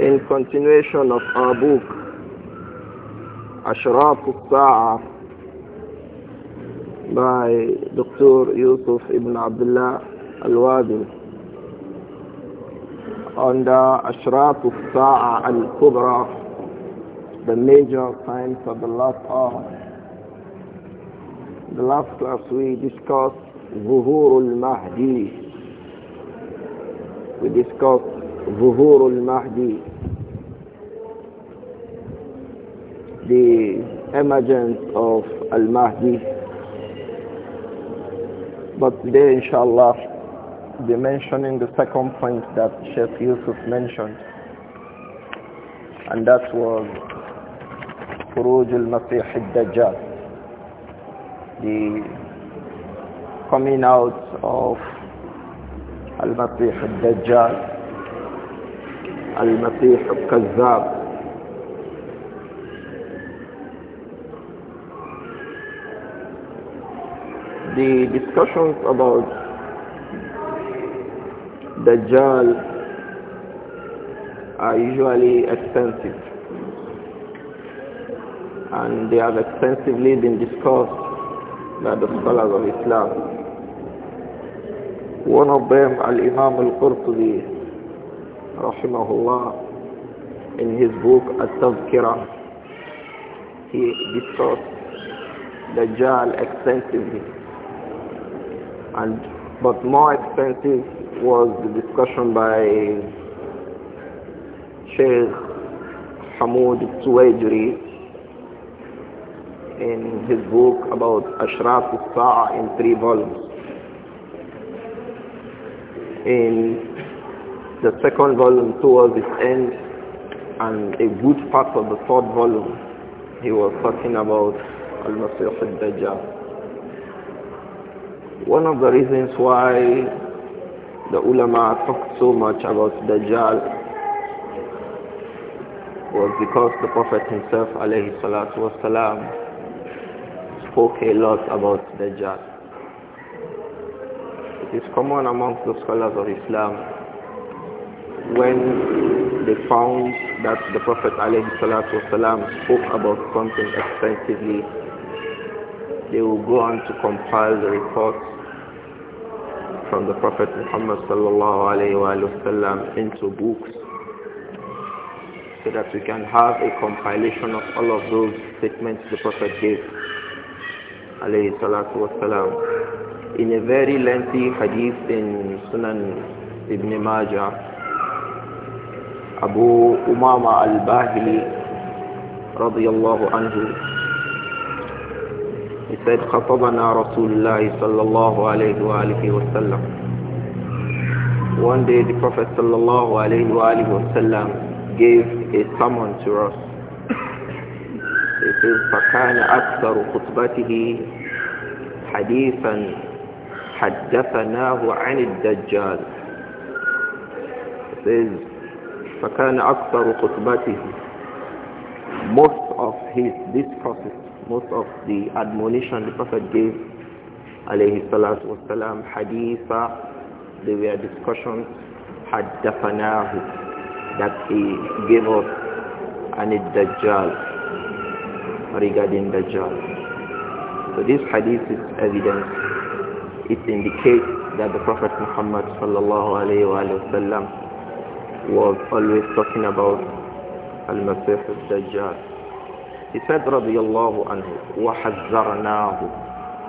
in continuation of our book Ashraf saa by Dr. Yusuf ibn Abdullah al-Wadi on the Ashraf al-Sa'a al-Kubra the major signs of the last hour the last class we discussed Zuhur al-Mahdi we discussed ظهور المهدي, the emergence of al-Mahdi. But today, inshallah, be mentioning the second point that Sheikh Yusuf mentioned, and that was خروج المسيح الدجال the coming out of المسيح الدجال المسيح الكذاب the discussions about Dajjal are usually extensive and they have extensively been discussed by the scholars of Islam. One of them, Al-Imam Al-Qurtubi, in his book At-Tazkira, he discussed Dajjal extensively. And, but more extensive was the discussion by Sheikh Hamoud Suwaijri in his book about Ashraf al-Sa'a in three volumes. In the second volume towards its end and a good part of the third volume he was talking about Al-Masih al-Dajjal. One of the reasons why the ulama talked so much about Dajjal was because the Prophet himself alayhi salatu salam spoke a lot about Dajjal. It is common amongst the scholars of Islam when they found that the Prophet spoke about something extensively, they will go on to compile the reports from the Prophet Muhammad into books so that we can have a compilation of all of those statements the Prophet gave والسلام, in a very lengthy hadith in Sunan Ibn Majah أبو أمامة الباهلي رضي الله عنه He خطبنا رسول الله صلى الله عليه وآله وسلم One day the Prophet صلى الله عليه وآله وسلم gave a sermon to us He says فكان أكثر خطبته حديثا حدثناه عن الدجال It says فكان أكثر خطبته most of his discourses most of the admonition the Prophet gave عليه الصلاة والسلام حديثا they were discussions حدثناه that he gave us عن الدجال regarding Dajjal so this hadith is evidence it indicates that the Prophet Muhammad sallallahu alayhi wa sallam was always talking about Al-Masih al-Dajjal. He said, radiyallahu anhu, وَحَذَّرْنَاهُ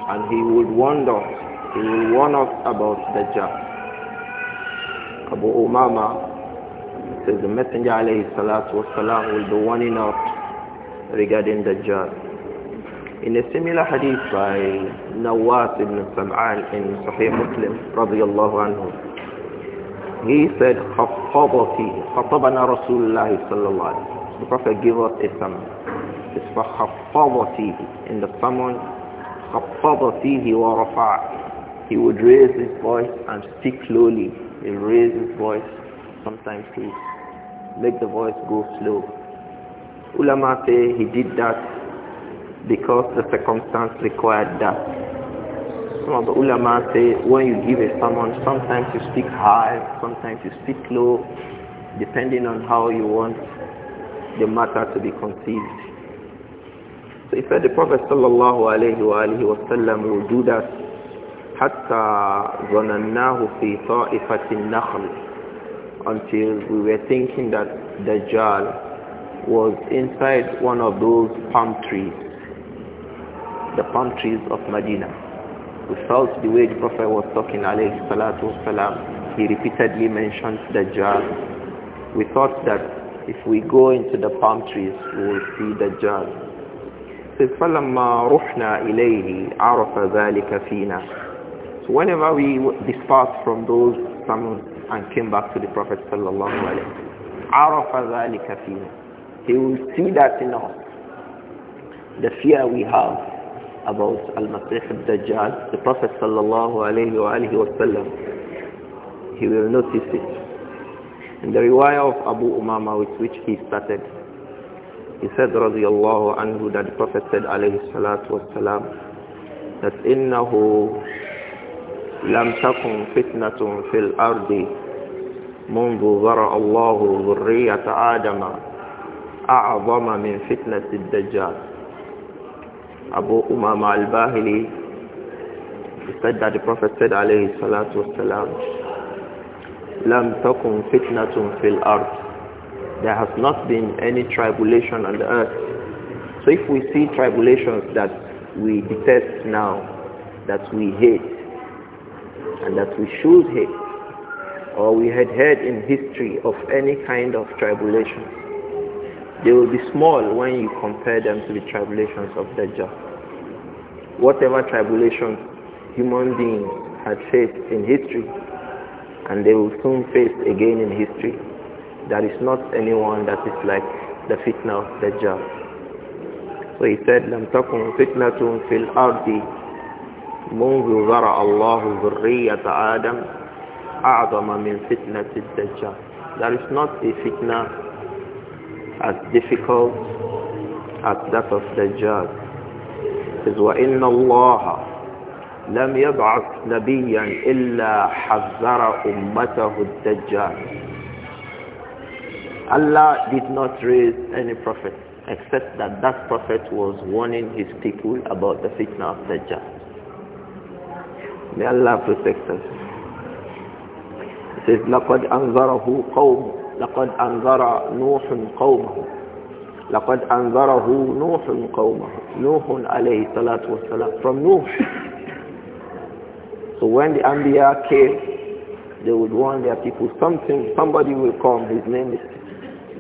And he would warn us, he would warn us about Dajjal. Abu Umama says the Messenger alayhi salatu wasalam will be warning us regarding Dajjal. In a similar hadith by Nawas ibn Samal in Sahih Muslim, radiyallahu anhu, he said, خَطَّبَتِي خَطَّبَنَا رَسُولُ اللَّهِ صَلَّى اللَّهُ عَلَيْهِ وسلم. The Prophet gave us a command. It's for خَطَّبَتِي In the sermon, خَطَّبَتِي وَرَفَعَ He would raise his voice and speak slowly. He raise his voice. Sometimes he make the voice go slow. Ulama say he did that because the circumstance required that some of the ulama say when you give a sermon, sometimes you speak high, sometimes you speak low, depending on how you want the matter to be conceived. So he said the Prophet sallallahu alayhi wa alihi wa sallam will do that حَتَّى ظَنَنَّاهُ فِي طَائِفَةِ النَّخْلِ Until we were thinking that Dajjal was inside one of those palm trees, the palm trees of Medina. We felt the way the Prophet was talking, alayhi salatu wasalam, he repeatedly mentioned the jah. We thought that if we go into the palm trees, we will see the jah. فَلَمَّا رُحْنَا إِلَيْهِ عَرَفَ ذَلِكَ فِينَا So whenever we dispersed from those summons and came back to the Prophet sallallahu alayhi عَرَفَ ذَلِكَ فِينَا He will see that in us. The fear we have, about Al-Masih al-Dajjal, the Prophet sallallahu alayhi wa he will notice it. In the riwayah of Abu Umama with which he started, he said radiallahu anhu that the Prophet said alayhi salatu wasalam, that innahu lam takun fitnatun fil ardi منذ ذرأ الله ذرية آدم أعظم من فتنة الدجال Abu Umama al-Bahili, said that the Prophet said alayhi salatu wasalam, لَمْ تَكُنْ فِتْنَةٌ فِي الْأَرْضِ There has not been any tribulation on the earth. So if we see tribulations that we detest now, that we hate, and that we should hate, or we had heard in history of any kind of tribulation, they will be small when you compare them to the tribulations of Dajjal. Whatever tribulations human beings had faced in history, and they will soon face again in history, there is not anyone that is like the fitna of Dajjal. So he said, لم تكن فتنة في الأرض منذ ذرأ الله ذرية آدم أعظم من فتنة الدجال. There is not a fitna as difficult as that of Dajjal. Is وَإِنَّ اللَّهَ لم يبعث نبيا إلا حذر أمته الدجال Allah did not raise any prophet except that that prophet was warning his people about the fitna of Dajjal. May Allah protect us. It says, لَقَدْ أَنْظَرَهُ قَوْمُ لقد أنذر نوح قومه لقد أنذره نوح قومه نوح عليه الصلاة والسلام from نوح. so when the Anbiya came they would warn their people something somebody will come his name is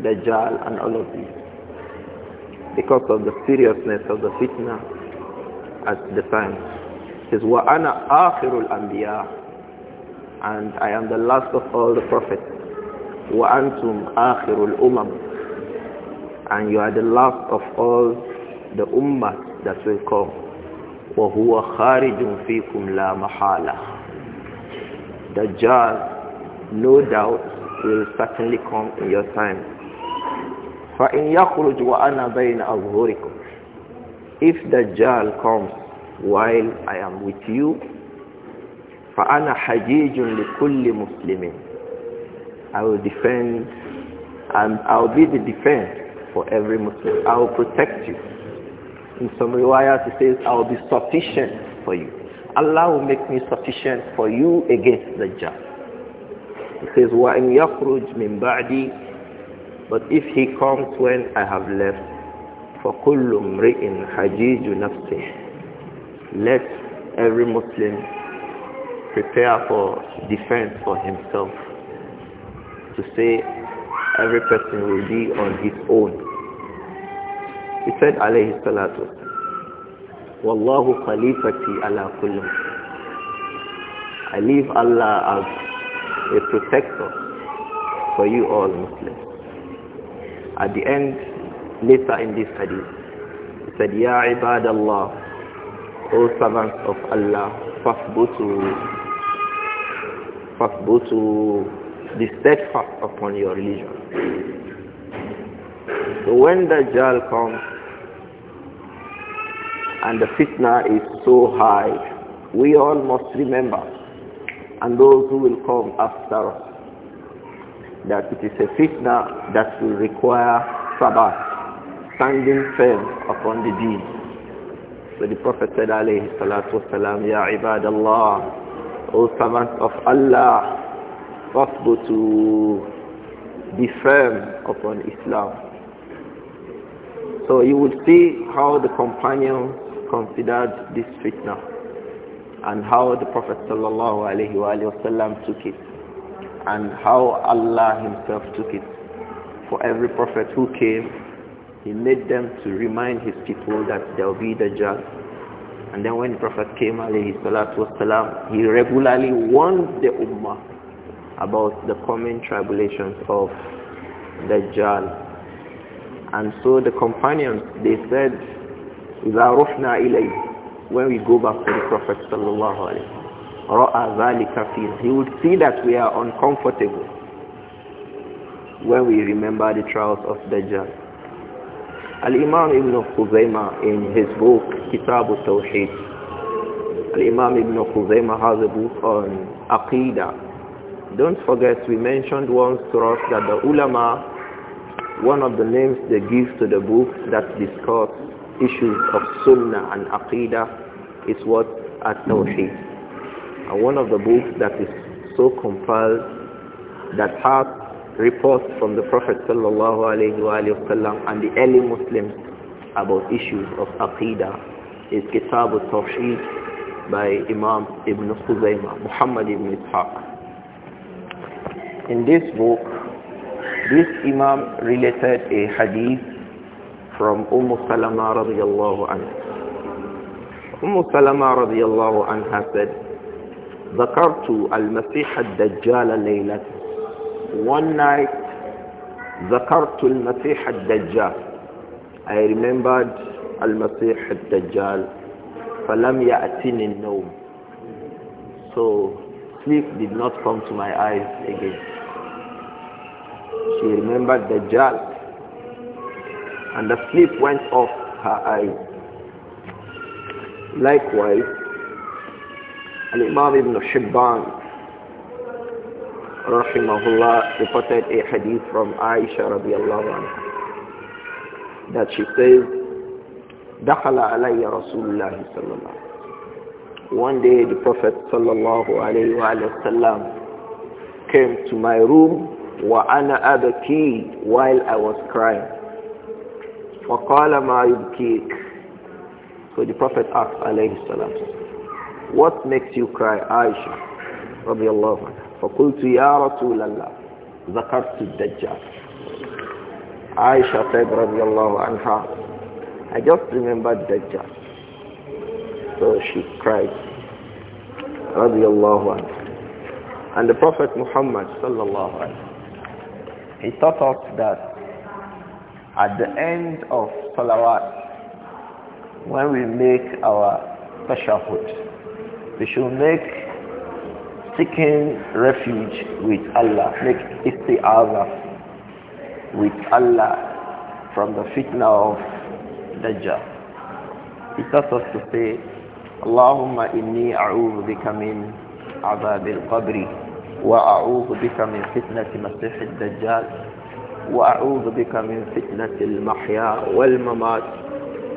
Dajjal and all of these because of the seriousness of the fitna at the time says Ana Akhirul الْأَنْبِيَاءِ and I am the last of all the prophets وَأَنْتُمْ آخِرُ الْأُمَمِ And you are the last of all the ummah that will come. وَهُوَ خَارِجٌ فِيكُمْ لَا مَحَالَةً Dajjal, no doubt, will certainly come in your time. فَإِنْ يَخْرُجْ وَأَنَا بَيْنَ أَظْهُرِكُمْ If the Dajjal comes while I am with you, فَأَنَا حَجِيجٌ لِكُلِّ مسلمين. I will defend and I will be the defense for every Muslim. I will protect you. In some riwayat it says, I will be sufficient for you. Allah will make me sufficient for you against the Jah. It says, وَإِنْ يَخْرُجْ مِنْ بَعْدِي But if he comes when I have left, فَكُلُّ امْرِئٍ حَجِيجُ نَفْسِهِ Let every Muslim prepare for defense for himself to say every person will be on his own. He said alayhi salatu Wallahu khalifati ala kullum. I leave Allah as a protector for you all Muslims. At the end, later in this hadith, he said, Ya ibadallah, O servants of Allah, fafbutu, fafbutu, be steadfast upon your religion. So when the Dajjal comes and the fitna is so high, we all must remember, and those who will come after us, that it is a fitna that will require sabbath, standing firm upon the deed. So the Prophet said, alayhi salatu wasalam, Ya ibadallah, O servants of Allah, Possible to be firm upon Islam. So you will see how the companions considered this fitna and how the Prophet took it and how Allah himself took it. For every prophet who came, he made them to remind his people that there will be judge. And then when the Prophet came, والسلام, he regularly warned the Ummah about the coming tribulations of the Dajjal. And so the companions, they said, إِذَا رُحْنَا إِلَيْهِ When we go back to the Prophet sallallahu alayhi رَأَى ذَلِكَ He would see that we are uncomfortable when we remember the trials of Dajjal. Al-Imam Ibn Khuzaymah in his book Kitab al-Tawheed, Al-Imam Ibn Khuzaymah has a book on Aqidah don't forget we mentioned once to us that the ulama, one of the names they give to the books that discuss issues of sunnah and aqidah is what? At-Tawheed. And one of the books that is so compiled that has reports from the Prophet sallallahu alaihi wa and the early Muslims about issues of aqidah is Kitab al-Tawheed by Imam Ibn Khuzaymah, Muhammad ibn Ishaq. In this book, this Imam related a hadith from Umm Salama radiallahu anha. Umm Salama radiallahu anha said, ذكرت المسيح الدجال ليلة One night, ذكرت المسيح الدجال I remembered المسيح الدجال فلم يأتني النوم So sleep did not come to my eyes again. She remembered the jar, And the sleep went off her eyes. Likewise, Al-Imam Ibn Shibban rahimahullah reported a hadith from Aisha radiallahu anha that she says دخل علي رسول الله صلى الله One day the Prophet صلى الله عليه وسلم came to my room وأنا أبكي while I was crying فقال ما يبكيك So the Prophet asked عليه السلام What makes you cry Aisha رضي الله عنها فقلت يا رسول الله ذكرت الدجال Aisha said رضي الله عنها I just remembered Dajjal so she cried رضي الله عنها and the Prophet Muhammad sallallahu alaihi he taught us that at the end of salawat, when we make our special tashahud, we should make seeking refuge with Allah, make isti'azah with Allah from the fitna of Dajjal. He taught us to say, اللهم إني أعوذ بك من عذاب القبر وأعوذ بك من فتنة مسيح الدجال وأعوذ بك من فتنة المحيا والممات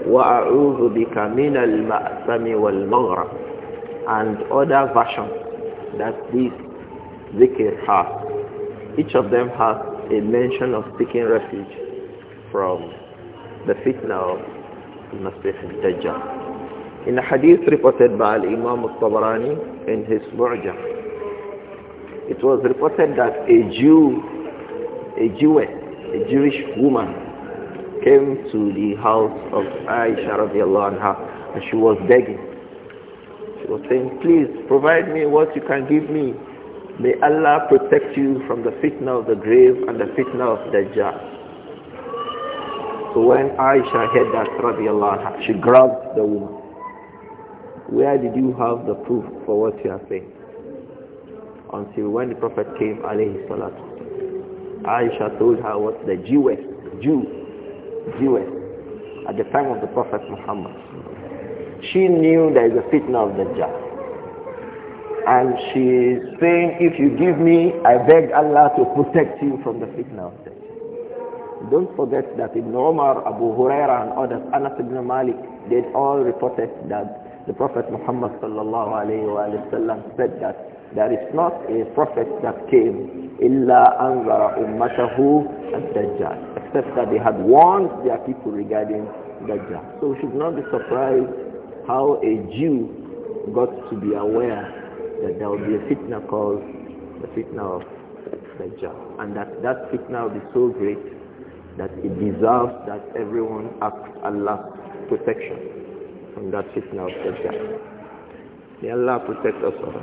وأعوذ بك من المأثم والمغرب and other versions that this zikr has. Each of them has a mention of seeking refuge from the fitna of Masih al-Dajjal. In a hadith reported by Imam al-Tabarani in his Mu'jah it was reported that a Jew, a Jewess, a Jewish woman came to the house of Aisha radiallahu anha and she was begging. She was saying, please provide me what you can give me. May Allah protect you from the fitna of the grave and the fitna of Dajjal. So when Aisha heard that radiallahu anha, she grabbed the woman. Where did you have the proof for what you are saying? until when the Prophet came, alayhi salatu. Aisha told her what the Jewess, Jew, Jewess, at the time of the Prophet Muhammad. She knew there is a fitna of the Dajjal. And she is saying, if you give me, I beg Allah to protect you from the fitna of Dajjal. Don't forget that Ibn Umar, Abu Huraira and others, Anas ibn Malik, they all reported that the Prophet Muhammad sallallahu alayhi wa sallam said that it's not a prophet that came illa anzara ummatahu ad-dajjal except that they had warned their people regarding dajjal. So we should not be surprised how a Jew got to be aware that there will be a fitna called the fitna of dajjal and that that fitna will be so great that it deserves that everyone asks Allah protection from that fitna of dajjal. May Allah protect us all.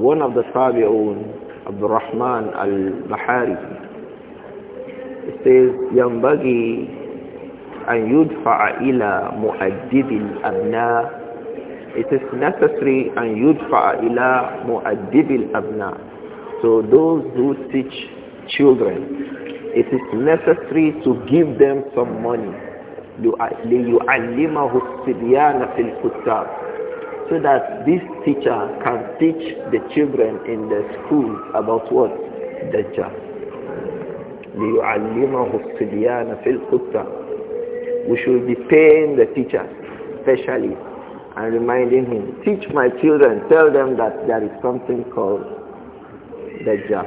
One of the Tabi'un, Abdul Rahman al-Bahari, it says ينبغي أن يدفع إلى مؤدب الأبناء it is necessary أن يدفع إلى مؤدب الأبناء so those who teach children it is necessary to give them some money ليعلمه الصبيان في الكتاب so that this teacher can teach the children in the school about what? Dajjal. لِيُعَلِّمَهُ الصِّبْيَانَ فِي الْقُطَّةِ We should be paying the teacher, especially, and reminding him, teach my children, tell them that there is something called Dajjal.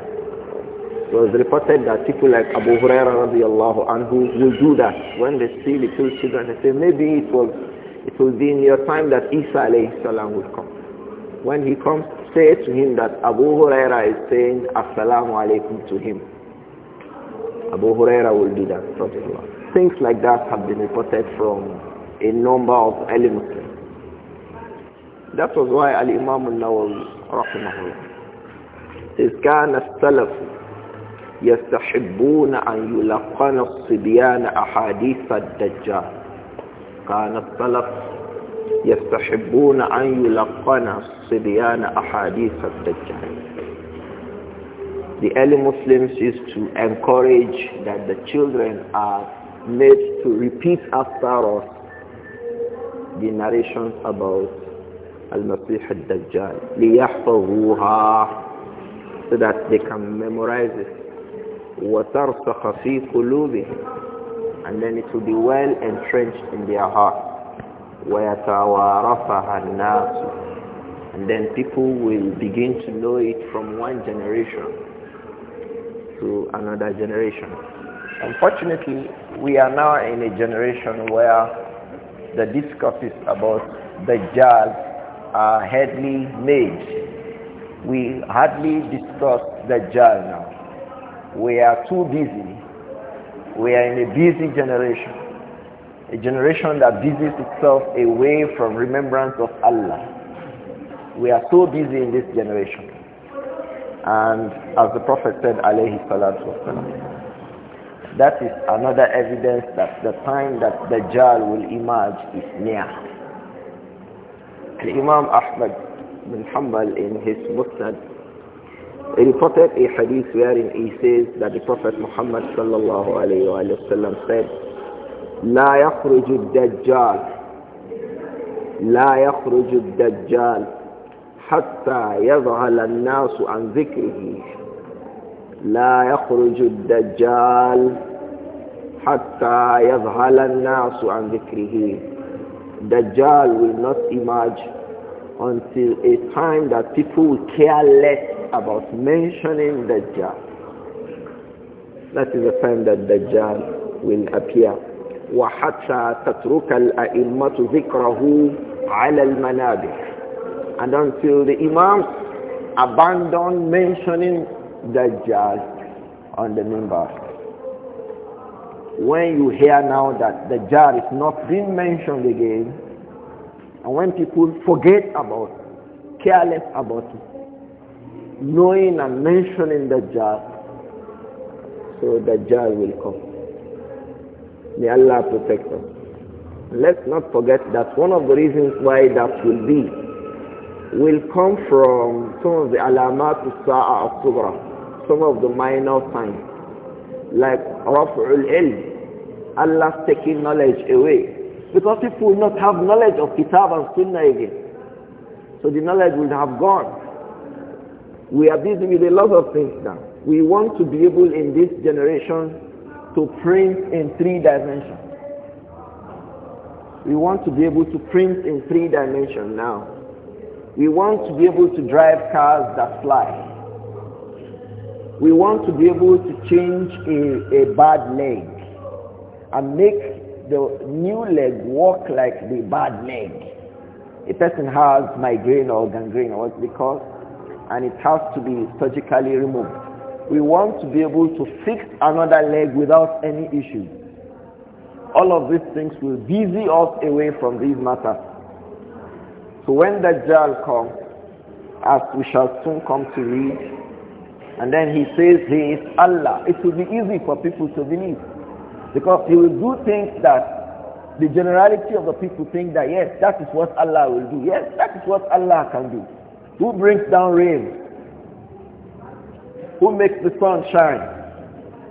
It was reported that people like Abu Hurairah radiallahu anhu will do that. When they see little children, they say, maybe it was it will be in your time that Isa salam will come. When he comes, say to him that Abu Huraira is saying Assalamu alaikum to him. Abu Huraira will do that. Things like that have been reported from a number of elements. That was why Al-Imam al-Nawawi rahimahullah says, كان السلف يستحبون أن يلقن الصبيان أحاديث الدجال كان الطلق يستحبون أن يلقن صبيان أحاديث الدجال The early Muslims used to encourage that the children are made to repeat after us the narrations about Al-Masih al-Dajjal ليحفظوها so that they can memorize it وترسخ في قلوبهم and then it will be well entrenched in their heart. وَيَتَوَارَفَهَا النَّاسُ And then people will begin to know it from one generation to another generation. Unfortunately, we are now in a generation where the discourses about the Dajjal are hardly made. We hardly discuss the Dajjal now. We are too busy we are in a busy generation, a generation that busies itself away from remembrance of Allah. We are so busy in this generation. And as the Prophet said, alayhi salatu wasalam, that is another evidence that the time that Dajjal will emerge is near. And Imam Ahmad bin Hanbal in his Musnad a reported a hadith wherein he says that the Prophet Muhammad sallallahu alayhi wa sallam said, لا يخرج الدجال لا يخرج الدجال حتى يذهل الناس عن ذكره لا يخرج الدجال حتى يذهل الناس عن ذكره Dajjal will not emerge until a time that people will care less about mentioning Dajjal. That is the time that Dajjal will appear. وَحَتَّى تَتْرُكَ الْأَئِمَّةُ ذِكْرَهُ عَلَى الْمَنَابِرِ And until the Imams abandon mentioning Dajjal on the number. When you hear now that Dajjal is not being mentioned again, and when people forget about, careless about it, knowing and mentioning the jar, So the jar will come. May Allah protect us. Let's not forget that one of the reasons why that will be will come from some of the alamat sa'a al-sughra, some of the minor signs, like raf'ul ilm, Allah's taking knowledge away. Because people will not have knowledge of kitab and sunnah again. So the knowledge will have gone. We are busy with a lot of things now. We want to be able in this generation to print in three dimensions. We want to be able to print in three dimensions now. We want to be able to drive cars that fly. We want to be able to change a, a bad leg and make the new leg walk like the bad leg. A person has migraine or gangrene or what's it called? and it has to be surgically removed. We want to be able to fix another leg without any issue. All of these things will busy us away from these matters. So when the Dajjal comes, as we shall soon come to read, and then he says he is Allah, it will be easy for people to believe. Because he will do things that the generality of the people think that yes, that is what Allah will do. Yes, that is what Allah can do. Who brings down rain? Who makes the sun shine?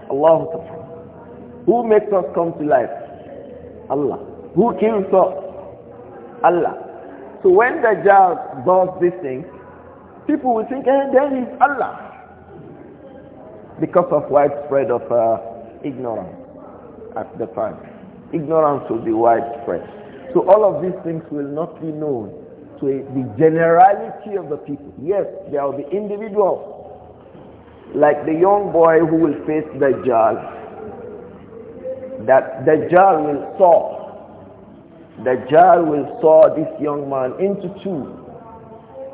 Allah. Who makes us come to life? Allah. Who kills us? Allah. So when the Dajjal does these things, people will think, eh, there is Allah. Because of widespread of uh, ignorance at the time. Ignorance will be widespread. So all of these things will not be known the generality of the people. Yes, there will be individuals, like the young boy who will face the Dajjal, that the Dajjal will saw, Dajjal will saw this young man into two.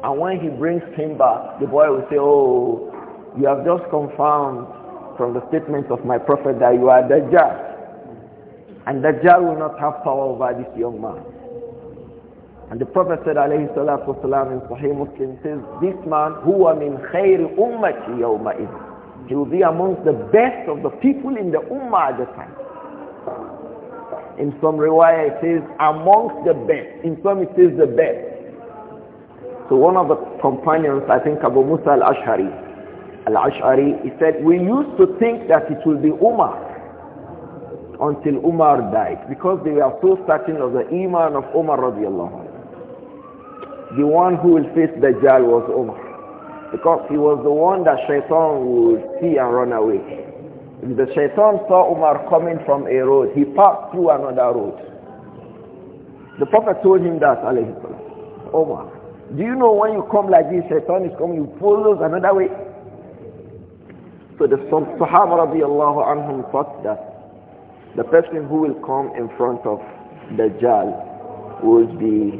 And when he brings him back, the boy will say, oh, you have just confirmed from the statement of my prophet that you are the Dajjal. And the Dajjal will not have power over this young man. And the Prophet said, alayhi salatu wasalam, in Sahih Muslim, says, this man, huwa min khayri ummati yawma He will be amongst the best of the people in the ummah at the time. In some riwayah it says, amongst the best. In some it says the best. So one of the companions, I think Abu Musa al-Ash'ari, al-Ash'ari, he said, we used to think that it will be Umar until Umar died because they were so certain of the iman of Umar radiallahu the one who will face Dajjal was Omar. Because he was the one that Shaitan would see and run away. If the Shaitan saw Omar coming from a road, he passed through another road. The Prophet told him that, alayhi Omar, do you know when you come like this, Shaitan is coming, you pull those another way? So the Sahaba radiallahu anhum thought that the person who will come in front of Dajjal would be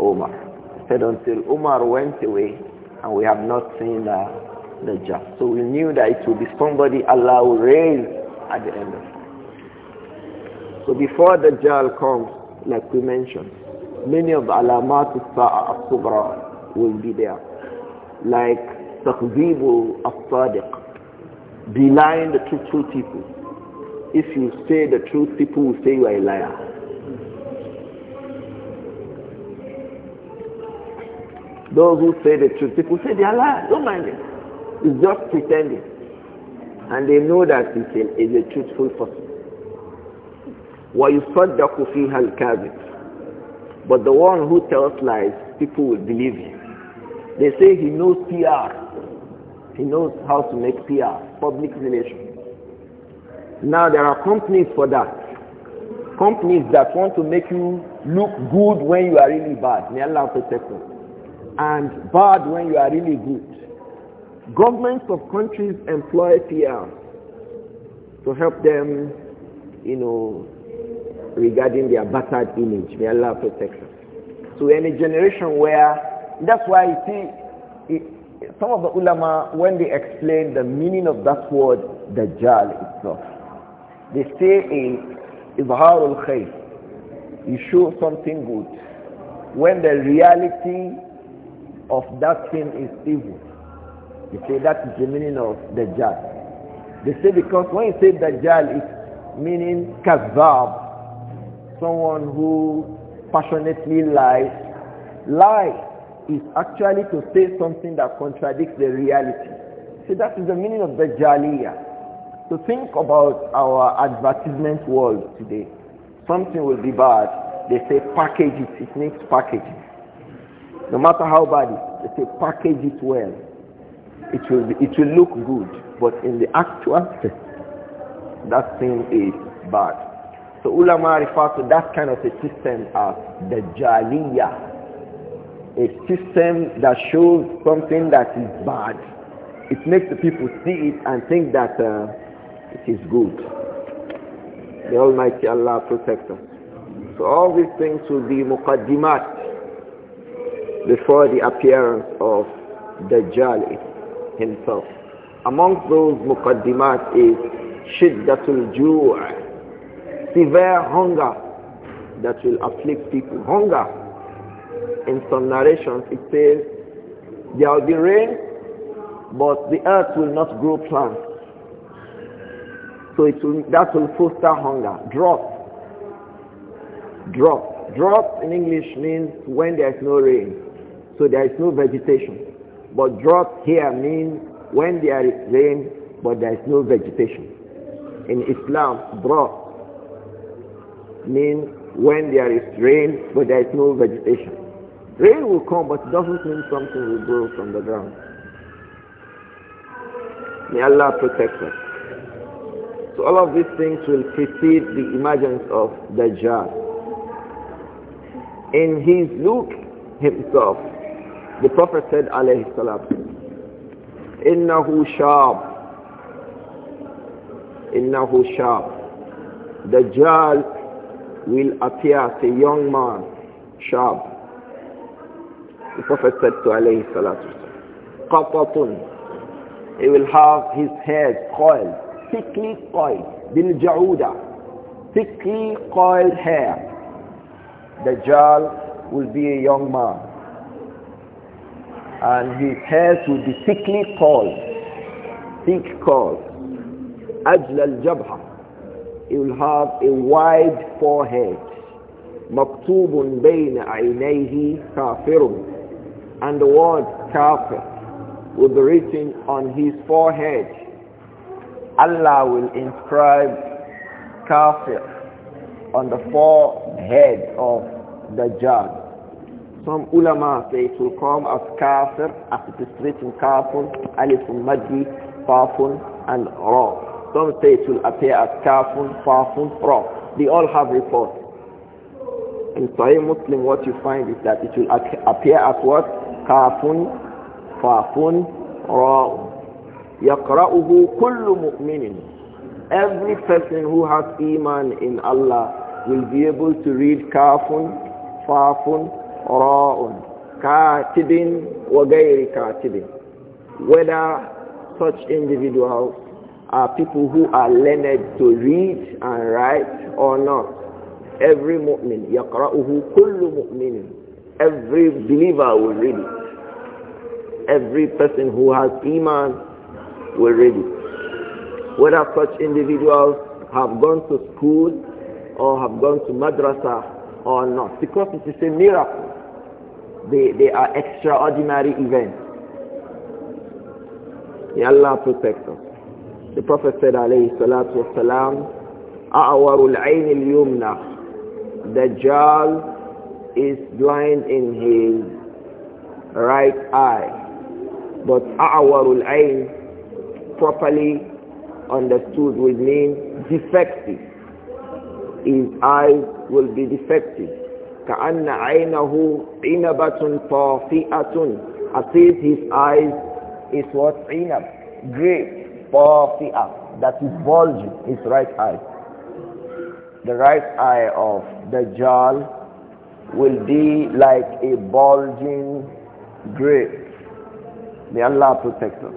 Omar said, until Umar went away, and we have not seen the just. So we knew that it would be somebody Allah will raise at the end of time. So before the Jal comes, like we mentioned, many of the alamat al-kubra will be there. Like taqzeebu al-sadiq, denying the truthful people. If you say the truth, people will say you are a liar. Those who say the truth, people say they are lying. Don't mind them. It's just pretending. And they know that it's a, a truthful person. وَيُصَدَّقُ فِيهَا الْكَاذِبُ But the one who tells lies, people will believe him. They say he knows PR. He knows how to make PR, public relations. Now there are companies for that. Companies that want to make you look good when you are really bad. May Allah protect us and bad when you are really good. Governments of countries employ PR to help them, you know, regarding their battered image. May Allah protect us. So in a generation where, that's why you see, it, some of the ulama, when they explain the meaning of that word, Dajjal itself, they say a Izharul Khayr, you show something good, when the reality of that thing is evil. They say that is the meaning of the Dajjal. They say because when you say Dajjal, is meaning Kazab, someone who passionately lies. Lie is actually to say something that contradicts the reality. See, that is the meaning of the To so think about our advertisement world today. Something will be bad. They say package it. It needs packaging. No matter how bad it, if you package it well, it will, be, it will look good. But in the actual sense, that thing is bad. So ulama refer to that kind of a system as the jaliya, A system that shows something that is bad. It makes the people see it and think that uh, it is good. The Almighty Allah protect us. So all these things will be muqaddimat before the appearance of Dajjal himself. Among those muqaddimat is Shiddatul Ju' severe hunger that will afflict people. Hunger. In some narrations it says there will be rain but the earth will not grow plants. So it will, that will foster hunger. Drought. Drought. Drought in English means when there is no rain. So there is no vegetation. But drought here means when there is rain, but there is no vegetation. In Islam, drought means when there is rain, but there is no vegetation. Rain will come, but it doesn't mean something will grow from the ground. May Allah protect us. So all of these things will precede the emergence of Dajjal. In his look himself, the Prophet said, alayhi salam, إِنَّهُ شَاب إِنَّهُ شَاب Dajjal will appear as a young man, shab. The Prophet said to alayhi salatu قَطَطٌ He will have his hair coiled, thickly coiled, jauda, Thickly coiled hair. Dajjal will be a young man and his hairs will be thickly curled, thick curled. Ajla al-jabha. He will have a wide forehead. مكتوب بين aynayhi kafirun. and the word kafir will be written on his forehead Allah will inscribe kafir on the forehead of the judge some ulama say it will come as kafir, as it is written kafir, alifun madhi, fafun, and ra. Some say it will appear as kafun, fafun, ra. They all have reports. In Sahih Muslim, what you find is that it will appear as what? Kafun, fafun, ra. يقرأه كل مؤمن Every person who has iman in Allah will be able to read kafun, fafun, راء كاتب وغير كاتب whether such individuals are people who are learned to read and write or not every mu'min يقرأه kullu مؤمن every believer will read it every person who has iman will read it whether such individuals have gone to school or have gone to madrasa or not because it is a miracle they, they are extraordinary events. May Allah protect us. The Prophet said, alayhi salatu wasalam, أَعْوَرُ الْعَيْنِ yumna Dajjal is blind in his right eye. But Aawarul الْعَيْنِ properly understood would mean defective. His eyes will be defective. كأن عينه عنبة طافئة as if his eyes is what عنب grape طافئة that is bulging his right eye the right eye of Dajjal will be like a bulging grape may Allah protect us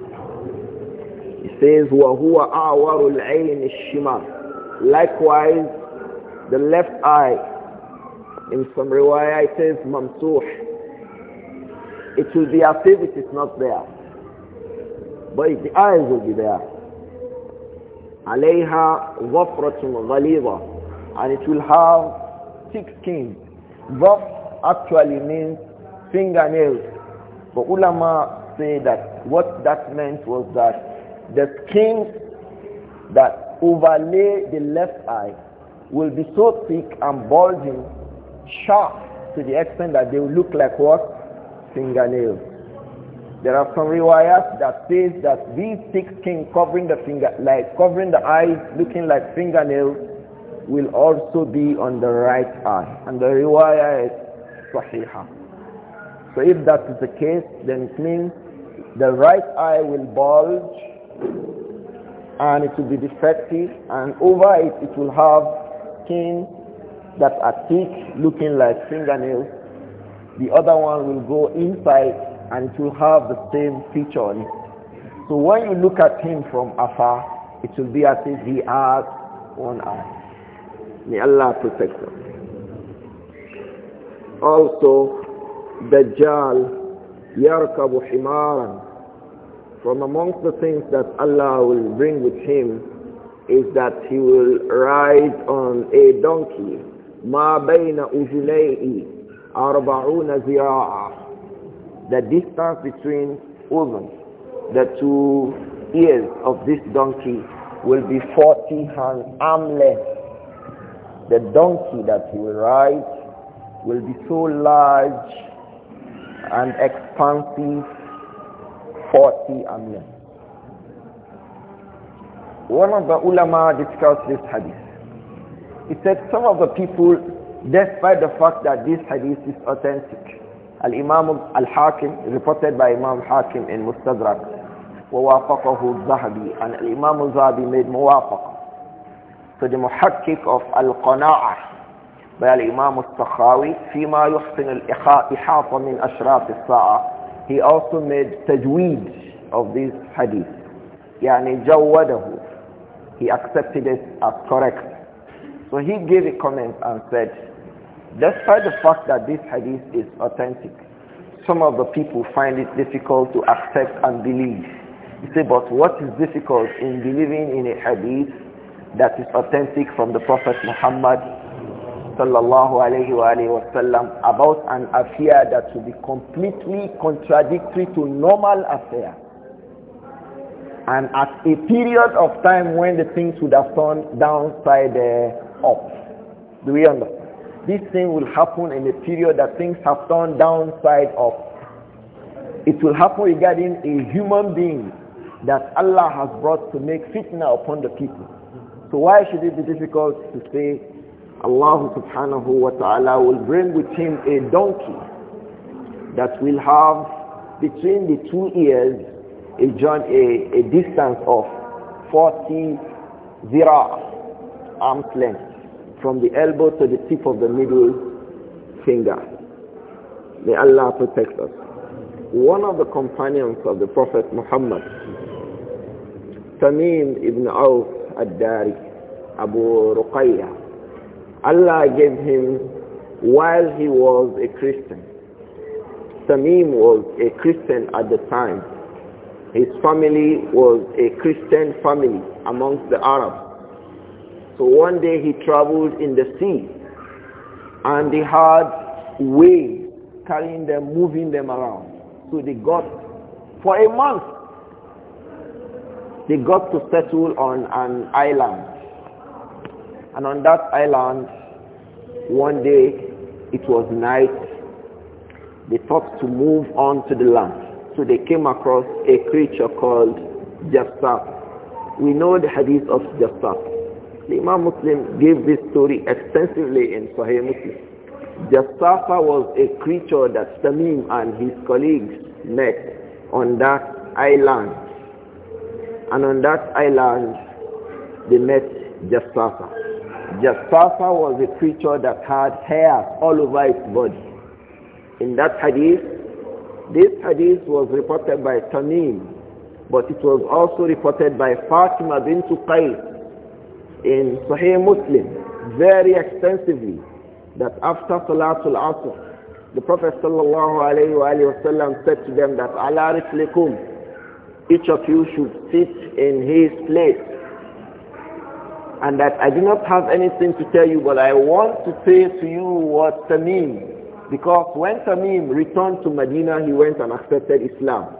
he says وهو أعور العين الشمال likewise the left eye in some riwayah it says mamsuh. It will be as if it is not there. But the eyes will be there. عليها ظفرة غليظة and it will have thick skin. ظف actually means fingernails. But ulama say that what that meant was that the skin that overlay the left eye will be so thick and bulging sharp to the extent that they will look like what? Fingernails. There are some rewires that says that these thick skin covering the finger, like covering the eyes, looking like fingernails, will also be on the right eye. And the rewire is sahiha. So if that is the case, then it means the right eye will bulge and it will be defective and over it it will have skin that are thick, looking like fingernails. The other one will go inside and it will have the same feature on it. So when you look at him from afar, it will be as if he has one eye. May Allah protect us. Also, Dajjal yarkabu himaran. From amongst the things that Allah will bring with him is that he will ride on a donkey. Ma بين أجليه أربعون ذراعا the distance between أذن the two ears of this donkey will be 40 hand arm length the donkey that he will ride will be so large and expansive 40 arm length one of the ulama discussed this hadith he said some of the people, despite the fact that this hadith is authentic, Al-Imam Al-Hakim, reported by Imam Hakim in Mustadrak, وَوَافَقَهُ الزَّهْبِي And Al-Imam al made muwafaqa. So the muhakkik of Al-Qana'ah by Al-Imam Al-Sakhawi, فِيمَا fi ma al يحسن min مِنْ أَشْرَافِ السَّاعَةِ He also made tajweed of this hadith. يعني جوده. He accepted it as correct. So he gave a comment and said, despite the fact that this hadith is authentic, some of the people find it difficult to accept and believe. He said, but what is difficult in believing in a hadith that is authentic from the Prophet Muhammad sallallahu alayhi wa sallam, about an affair that would be completely contradictory to normal affair and at a period of time when the things would have turned downside uh, up. Do we understand? This thing will happen in a period that things have turned downside up. It will happen regarding a human being that Allah has brought to make fitna upon the people. So why should it be difficult to say Allah subhanahu wa ta'ala will bring with him a donkey that will have between the two ears a, a, a distance of 40 zira arm's length from the elbow to the tip of the middle finger. May Allah protect us. One of the companions of the Prophet Muhammad, Tamim ibn Auf ad-Dari, Abu Ruqayya, Allah gave him while he was a Christian. Tamim was a Christian at the time. His family was a Christian family amongst the Arabs. So one day he traveled in the sea and they had waves carrying them, moving them around. So they got, for a month, they got to settle on an island. And on that island, one day, it was night, they thought to move on to the land. So they came across a creature called Jassab. We know the hadith of Jassab. The Imam Muslim gave this story extensively in Sahih Muslim. Jastafa was a creature that Samim and his colleagues met on that island. And on that island, they met Jastafa. Jastafa was a creature that had hair all over its body. In that hadith, this hadith was reported by Tamim, but it was also reported by Fatima bin Qais in Sahih Muslim very extensively that after Salatul Asr, the Prophet ﷺ said to them that Allah each of you should sit in his place. And that I do not have anything to tell you, but I want to say to you what Tamim, because when Tamim returned to Medina, he went and accepted Islam.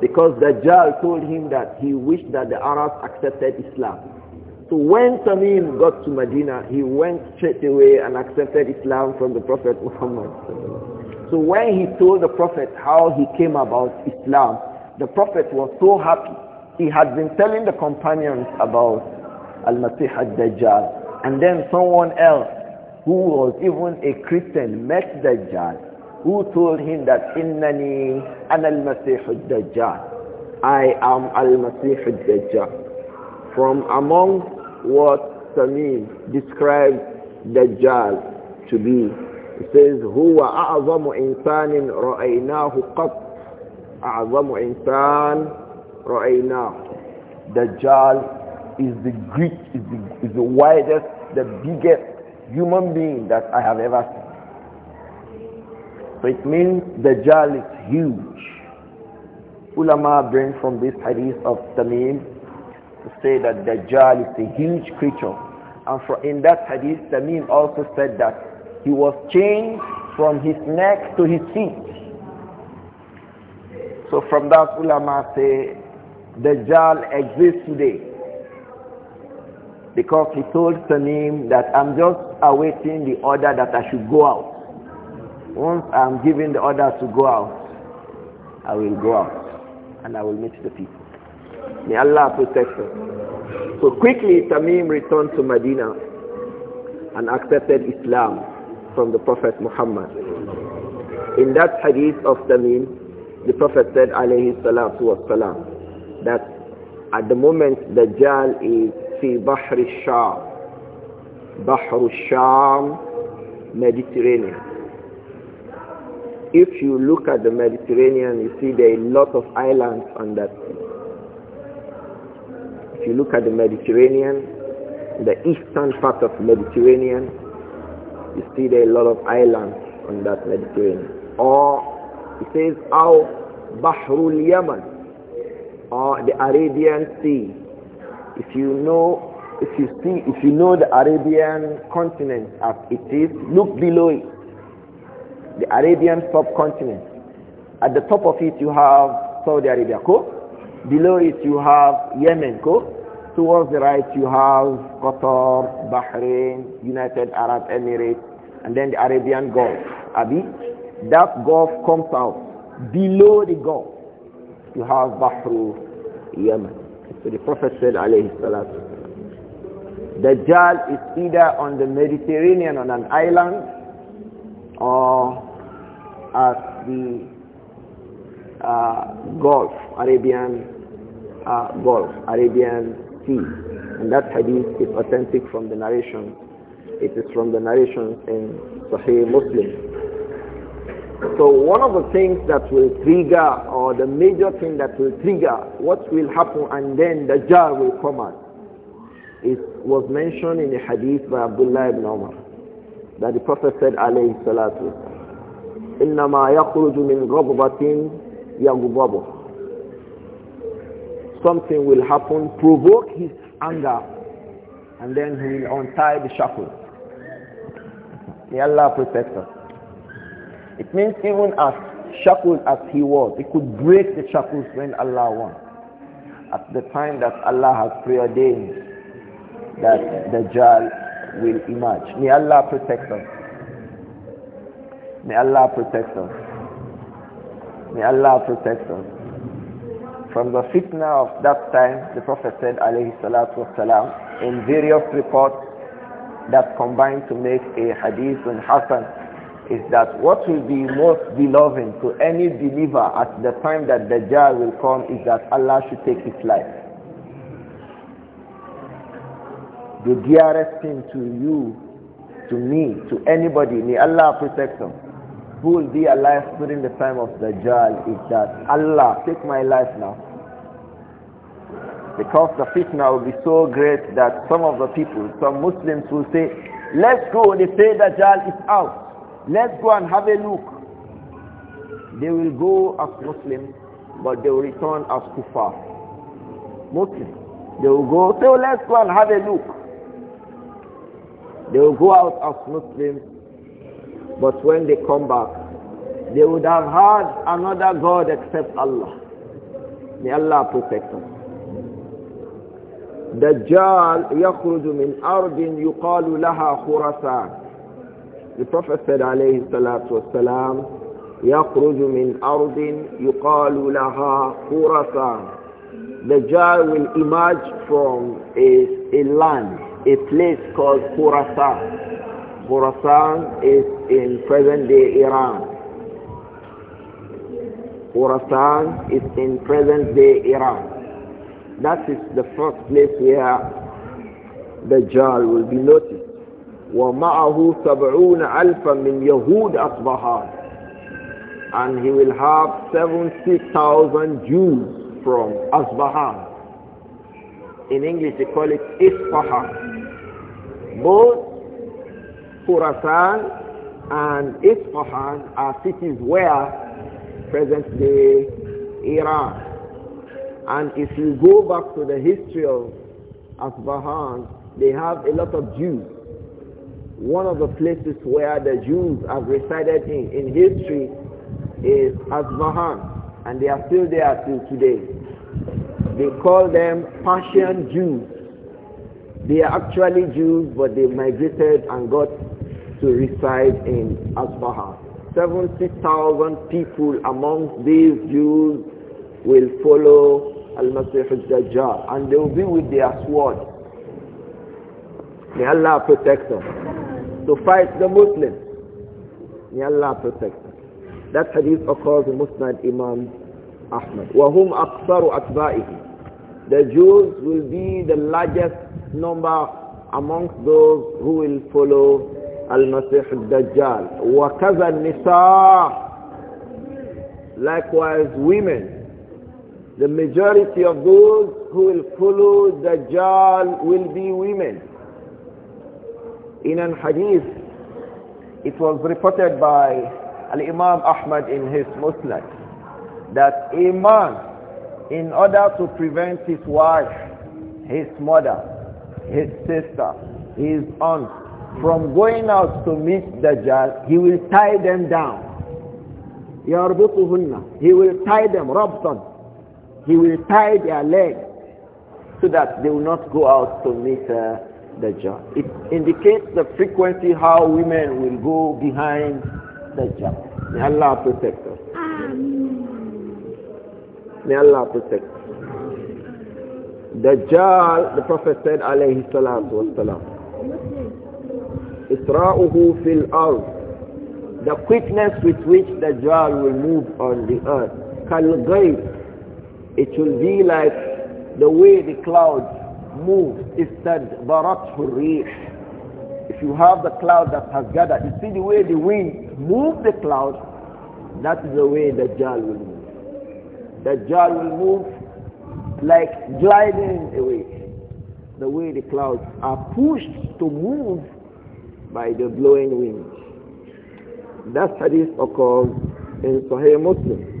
Because Dajjal told him that he wished that the Arabs accepted Islam. So when Tamim got to Medina, he went straight away and accepted Islam from the Prophet Muhammad. So when he told the Prophet how he came about Islam, the Prophet was so happy. He had been telling the companions about Al-Masih al-Dajjal. And then someone else who was even a Christian met Dajjal, who told him that, Innani ana al-Masih al-Dajjal. I am al-Masih al-Dajjal. From among what Tamim describes Dajjal to be. He says, هو أعظم إنسان رأيناه قط أعظم إنسان رأيناه Dajjal is the great, is the, is the widest, the biggest human being that I have ever seen. So it means Dajjal is huge. Ulama bring from this hadith of Tamim to say that Dajjal is a huge creature. And for, in that hadith, Tamim also said that he was chained from his neck to his feet. So from that ulama say, Dajjal exists today. Because he told Tamim that I'm just awaiting the order that I should go out. Once I'm given the order to go out, I will go out and I will meet the people. May Allah protect us. So quickly Tamim returned to Medina and accepted Islam from the Prophet Muhammad. In that hadith of Tamim, the Prophet said alayhi salatu wasalam that at the moment Dajjal is fi bahri sham Bahr sham Mediterranean. If you look at the Mediterranean, you see there are a lot of islands on that you look at the Mediterranean, the eastern part of Mediterranean, you see there are a lot of islands on that Mediterranean. Or it says, Aw Bahrul Yemen, or the Arabian Sea. If you know, if you see, if you know the Arabian continent as it is, look below it. The Arabian subcontinent. At the top of it you have Saudi Arabia, Co. Below it you have Yemen, Co towards the right you have Qatar, Bahrain, United Arab Emirates, and then the Arabian Gulf. Abi, that Gulf comes out. Below the Gulf, you have Bahru, Yemen. So the Prophet said, alayhi salatu. Dajjal is either on the Mediterranean on an island or at the uh, Gulf, Arabian uh, Gulf, Arabian and that hadith is authentic from the narration. It is from the narration in Sahih Muslim. So one of the things that will trigger, or the major thing that will trigger what will happen and then the jar will come out, it was mentioned in the hadith by Abdullah ibn Omar that the Prophet said alayhi salatu, إِنَّمَا يَخْرُجُ مِنْ غَضْبَةٍ يَغْضَبُهُ something will happen, provoke his anger, and then he will untie the shackles. May Allah protect us. It means even as shackled as he was, he could break the shackles when Allah wants. At the time that Allah has preordained that the jail will emerge. May Allah protect us. May Allah protect us. May Allah protect us. From the fitna of that time, the Prophet said, alayhi salatu wasalam, in various reports that combine to make a hadith and hasan, is that what will be most beloved to any believer at the time that Dajjal will come is that Allah should take his life. The dearest thing to you, to me, to anybody, may Allah protect them, who will be alive during the time of Dajjal is that Allah, take my life now. Because the fitna will be so great that some of the people, some Muslims will say, let's go, they say Dajjal is out. Let's go and have a look. They will go as Muslims, but they will return as kuffar. Muslims. They will go, so let's go and have a look. They will go out as Muslims, but when they come back, they would have had another God except Allah. May Allah protect us. Dajjal يخرج من أرض يقال لها خراسان The Prophet said عليه الصلاة والسلام يخرج من أرض يقال لها خراسان Dajjal will emerge from a, a land, a place called Khurasan. Khurasan is in present-day Iran. Khurasan is in present-day Iran. That is the first place where the jar will be noticed. ومعه سبعون ألفا من يهود أصبحان and he will have 70,000 Jews from Asbahan. In English they call it Isfahan. Both Khurasan and Isfahan are cities where present-day Iran and if you go back to the history of Asbahan, they have a lot of Jews. One of the places where the Jews have resided in, in history is Asbahan, and they are still there till today. They call them Persian Jews. They are actually Jews, but they migrated and got to reside in Asbahan. 70,000 people among these Jews will follow Al-Masih al-Dajjal. And they will be with their sword. May Allah protect them To fight the Muslims. May Allah protect them. That hadith occurs in Musnad Imam Ahmad. وَهُمْ أَكْثَرُ أَتْبَائِهِ The Jews will be the largest number amongst those who will follow Al-Masih al-Dajjal. وَكَذَا النِّسَاءِ Likewise women the majority of those who will follow Dajjal will be women. In an hadith, it was reported by Al-Imam Ahmad in his Musnad that a man, in order to prevent his wife, his mother, his sister, his aunt, from going out to meet Dajjal, he will tie them down. يَرْبُطُهُنَّ He will tie them, them. He will tie their legs so that they will not go out to meet uh, the job. It indicates the frequency how women will go behind the job. May Allah protect us. May Allah protect us. Dajjal, the Prophet said, alayhi salatu wasalam, Isra'uhu fil ard. The quickness with which Dajjal will move on the earth. Kal it will be like the way the clouds move. Istadbarathu rih. If you have the cloud that has gathered, you see the way the wind move the cloud, that is the way the Dajjal will move. Dajjal will move like gliding away. The way the clouds are pushed to move by the blowing wind. That hadith occurs in Sahih Muslim.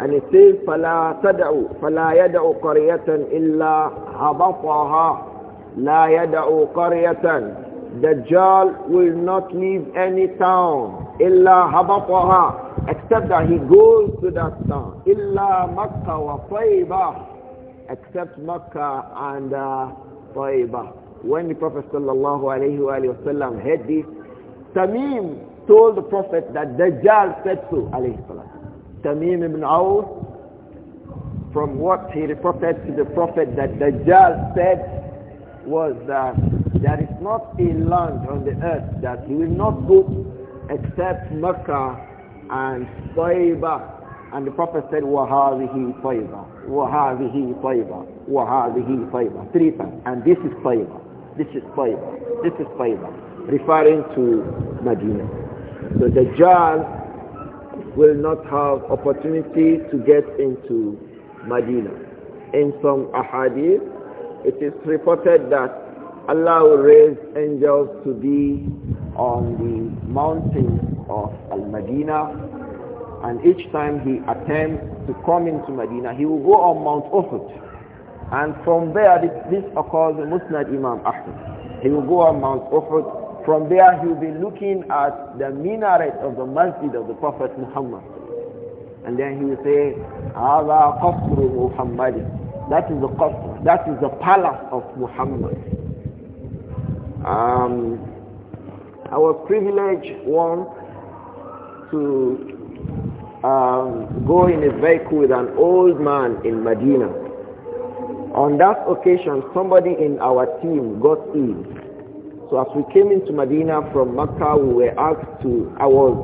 And it says, فَلَا تَدْعُ فَلَا يَدْعُ قَرْيَةً إِلَّا هَبَطَهَا لَا يَدْعُ قَرْيَةً Dajjal will not leave any town إِلَّا هَبَطَهَا except that he goes to that town إِلَّا مَكَّةَ وَطَيْبَةَ except Makkah and uh, Taibah. When the Prophet sallallahu alayhi wa heard this, Tamim told the Prophet that Dajjal said so, alayhi salam. Tamim ibn Aus from what he reported to the Prophet that Dajjal said was that there is not a land on the earth that he will not go except Mecca and Taibah. And the Prophet said, وَهَذِهِ طَيْبَةٌ وَهَذِهِ طَيْبَةٌ وَهَذِهِ طَيْبَةٌ Three times. And this is Taibah. This is Taibah. This is Taibah. Referring to Medina. So Dajjal will not have opportunity to get into Medina. In some ahadith, it is reported that Allah will raise angels to be on the mountain of al and each time he attempts to come into Medina, he will go on Mount Uhud. And from there, this, occurs in Musnad Imam Ahmad. He will go on Mount Uhud from there he will be looking at the minaret of the masjid of the Prophet Muhammad. And then he will say, Hada Qasru muhammad That is the qasr, that is the palace of Muhammad. Um, I was privileged once to um, go in a vehicle with an old man in Medina. On that occasion, somebody in our team got ill so as we came into Medina from Mecca, we were asked to, I was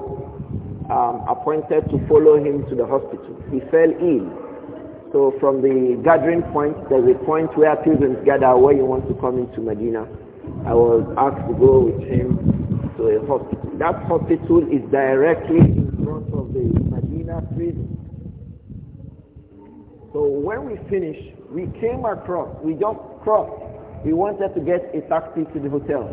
um, appointed to follow him to the hospital. He fell ill. So from the gathering point, there's a point where pilgrims gather where you want to come into Medina. I was asked to go with him to a hospital. That hospital is directly in front of the Medina prison. So when we finished, we came across, we just crossed he wanted to get a taxi to the hotel,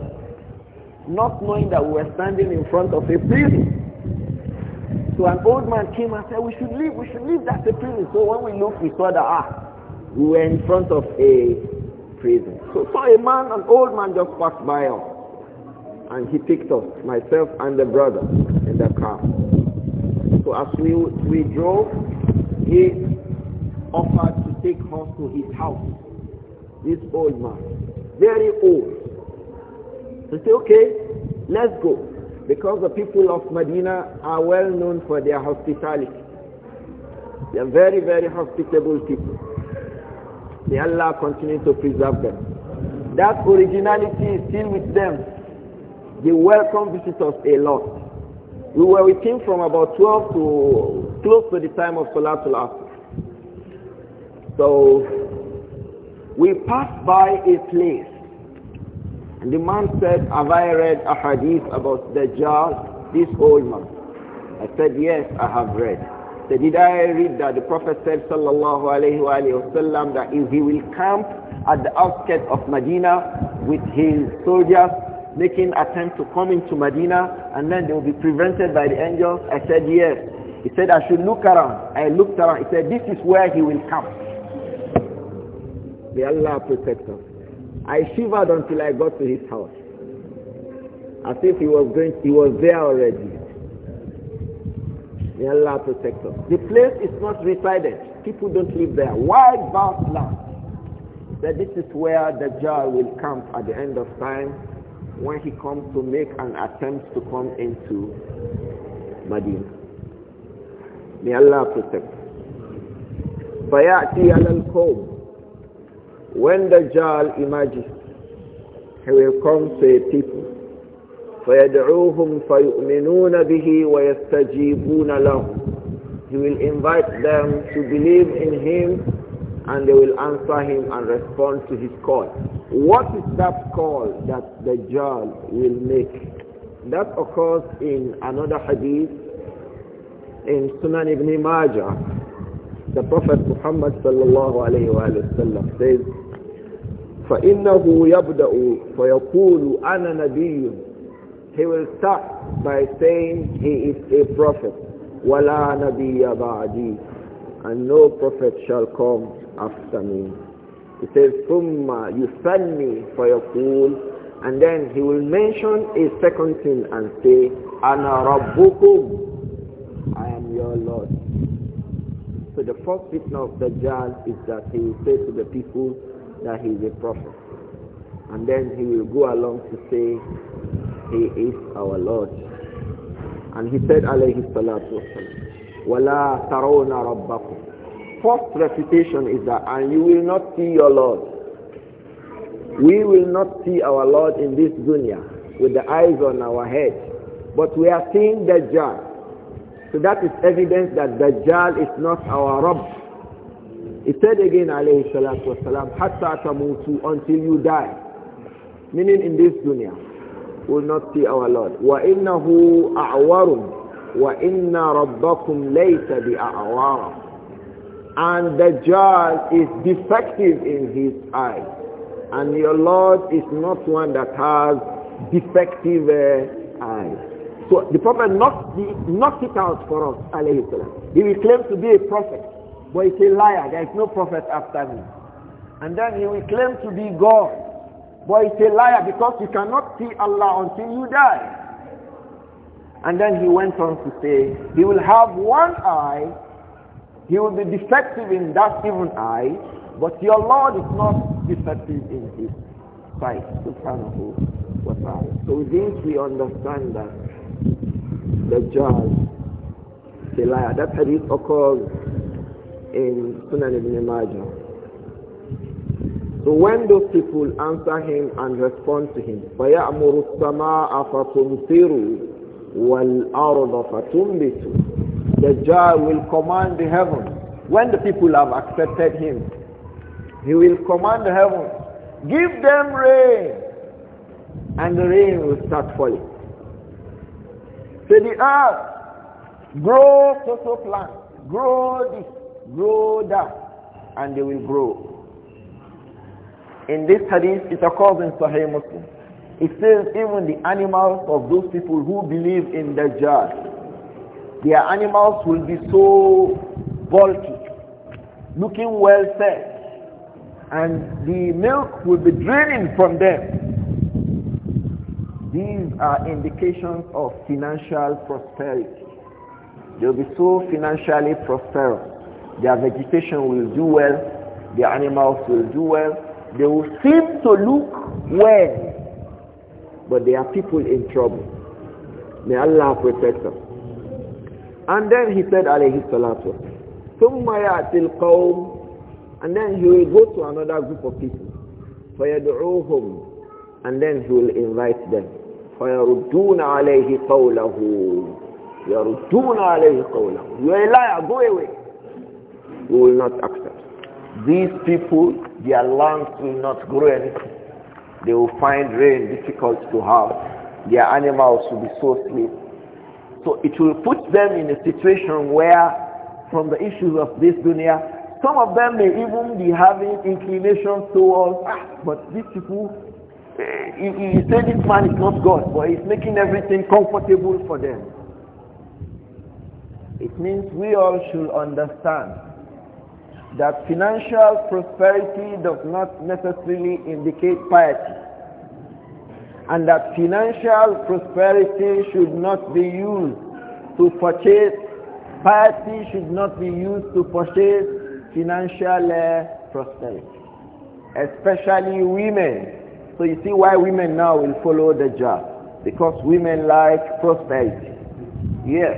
not knowing that we were standing in front of a prison. So an old man came and said, we should leave, we should leave, that's a prison. So when we looked, we saw that, ah, we were in front of a prison. So, so a man, an old man just passed by us. And he picked us, myself and the brother, in the car. So as we, we drove, he offered to take us to his house this old man, very old. So say, okay, let's go. Because the people of Medina are well known for their hospitality. They are very, very hospitable people. May Allah continue to preserve them. That originality is still with them. They welcome visitors a lot. We were with him from about 12 to close to the time of Salatul Asr. So we passed by a place and the man said, have I read a hadith about Dajjal, this old man? I said, yes, I have read. He said, did I read that the Prophet said, sallallahu alayhi wa, sallam, that he will camp at the outskirts of Medina with his soldiers making attempt to come into Medina and then they will be prevented by the angels? I said, yes. He said, I should look around. I looked around. He said, this is where he will come. May Allah protect us. I shivered until I got to his house. As if he was going, he was there already. May Allah protect us. The place is not resided. People don't live there. Why vast land. That this is where Dajjal will camp at the end of time when he comes to make an attempt to come into Medina. May Allah protect us. When Dajjal emerges, he will come to a people. فَيَدْعُوهُمْ فَيُؤْمِنُونَ بِهِ وَيَسْتَجِيبُونَ لَهُ He will invite them to believe in him and they will answer him and respond to his call. What is that call that Dajjal will make? That occurs in another hadith in Sunan ibn Majah. The Prophet Muhammad sallallahu alayhi wa sallam says, فإنه يبدأ فيقول أنا نبي He will start by saying he is a prophet ولا نبي بعدي and no prophet shall come after me. He says ثم a فيقول and then he will mention a second thing and say أنا ربكم I am your Lord. So the first fitna of Dajjal is that he will say to the people that he is a prophet. And then he will go along to say, he is our Lord. And he said, alayhi salatu wasalam, وَلَا تَرَوْنَ First refutation is that, and you will not see your Lord. We will not see our Lord in this dunya with the eyes on our head. But we are seeing Dajjal. So that is evidence that Dajjal is not our Rabb. He said again, alayhi salatu wasalam, hatta tamutu, until you die. Meaning in this dunya, will not see our Lord. Wa وَإِنَّهُ أَعْوَرٌ وَإِنَّ رَبَّكُمْ لَيْسَ بِأَعْوَرَ And the Dajjal is defective in his eyes. And your Lord is not one that has defective uh, eyes. So the Prophet knocked, the, knocked it out for us, alayhi salam. He will claim to be a prophet. But he's a liar. There is no prophet after me. And then he will claim to be God. But he's a liar because you cannot see Allah until you die. And then he went on to say, he will have one eye, he will be defective in that even eye, but your Lord is not defective in his sight. Subhanahu wa ta'ala. So with this we understand that the judge is a liar. That hadith occurs in Sunan ibn Majah. So when those people answer him and respond to him, فَيَأْمُرُ السَّمَاءَ فَتُمْطِرُ وَالْأَرْضَ فَتُنْبِتُ The jar will command the heaven. When the people have accepted him, he will command the heaven. give them rain, and the rain will start falling. Say so the earth, grow so so grow this, grow them and they will grow. In this hadith, it occurs in Sahih Muslim. It says even the animals of those people who believe in Dajjal, their animals will be so bulky, looking well fed, and the milk will be draining from them. These are indications of financial prosperity. They'll be so financially prosperous their vegetation will do well. Their animals will do well. They will seem to look well. But they are people in trouble. May Allah protect them. And then he said, alayhi salatu ثُمَّ يَأْتِ الْقَوْمِ And then he will go to another group of people. فَيَدْعُوهُمْ And then he will invite them. فَيَرُدُّونَ عَلَيْهِ قَوْلَهُ يَرُدُّونَ عَلَيْهِ قَوْلَهُ You are a liar, go away we will not accept. These people, their lands will not grow anything. They will find rain difficult to have. Their animals will be so sleep. So it will put them in a situation where, from the issues of this dunya, some of them may even be having inclinations towards, ah, but these people, eh, he, he said this man is not God, but he's making everything comfortable for them. It means we all should understand that financial prosperity does not necessarily indicate piety and that financial prosperity should not be used to purchase piety should not be used to purchase financial uh, prosperity especially women so you see why women now will follow the job because women like prosperity yes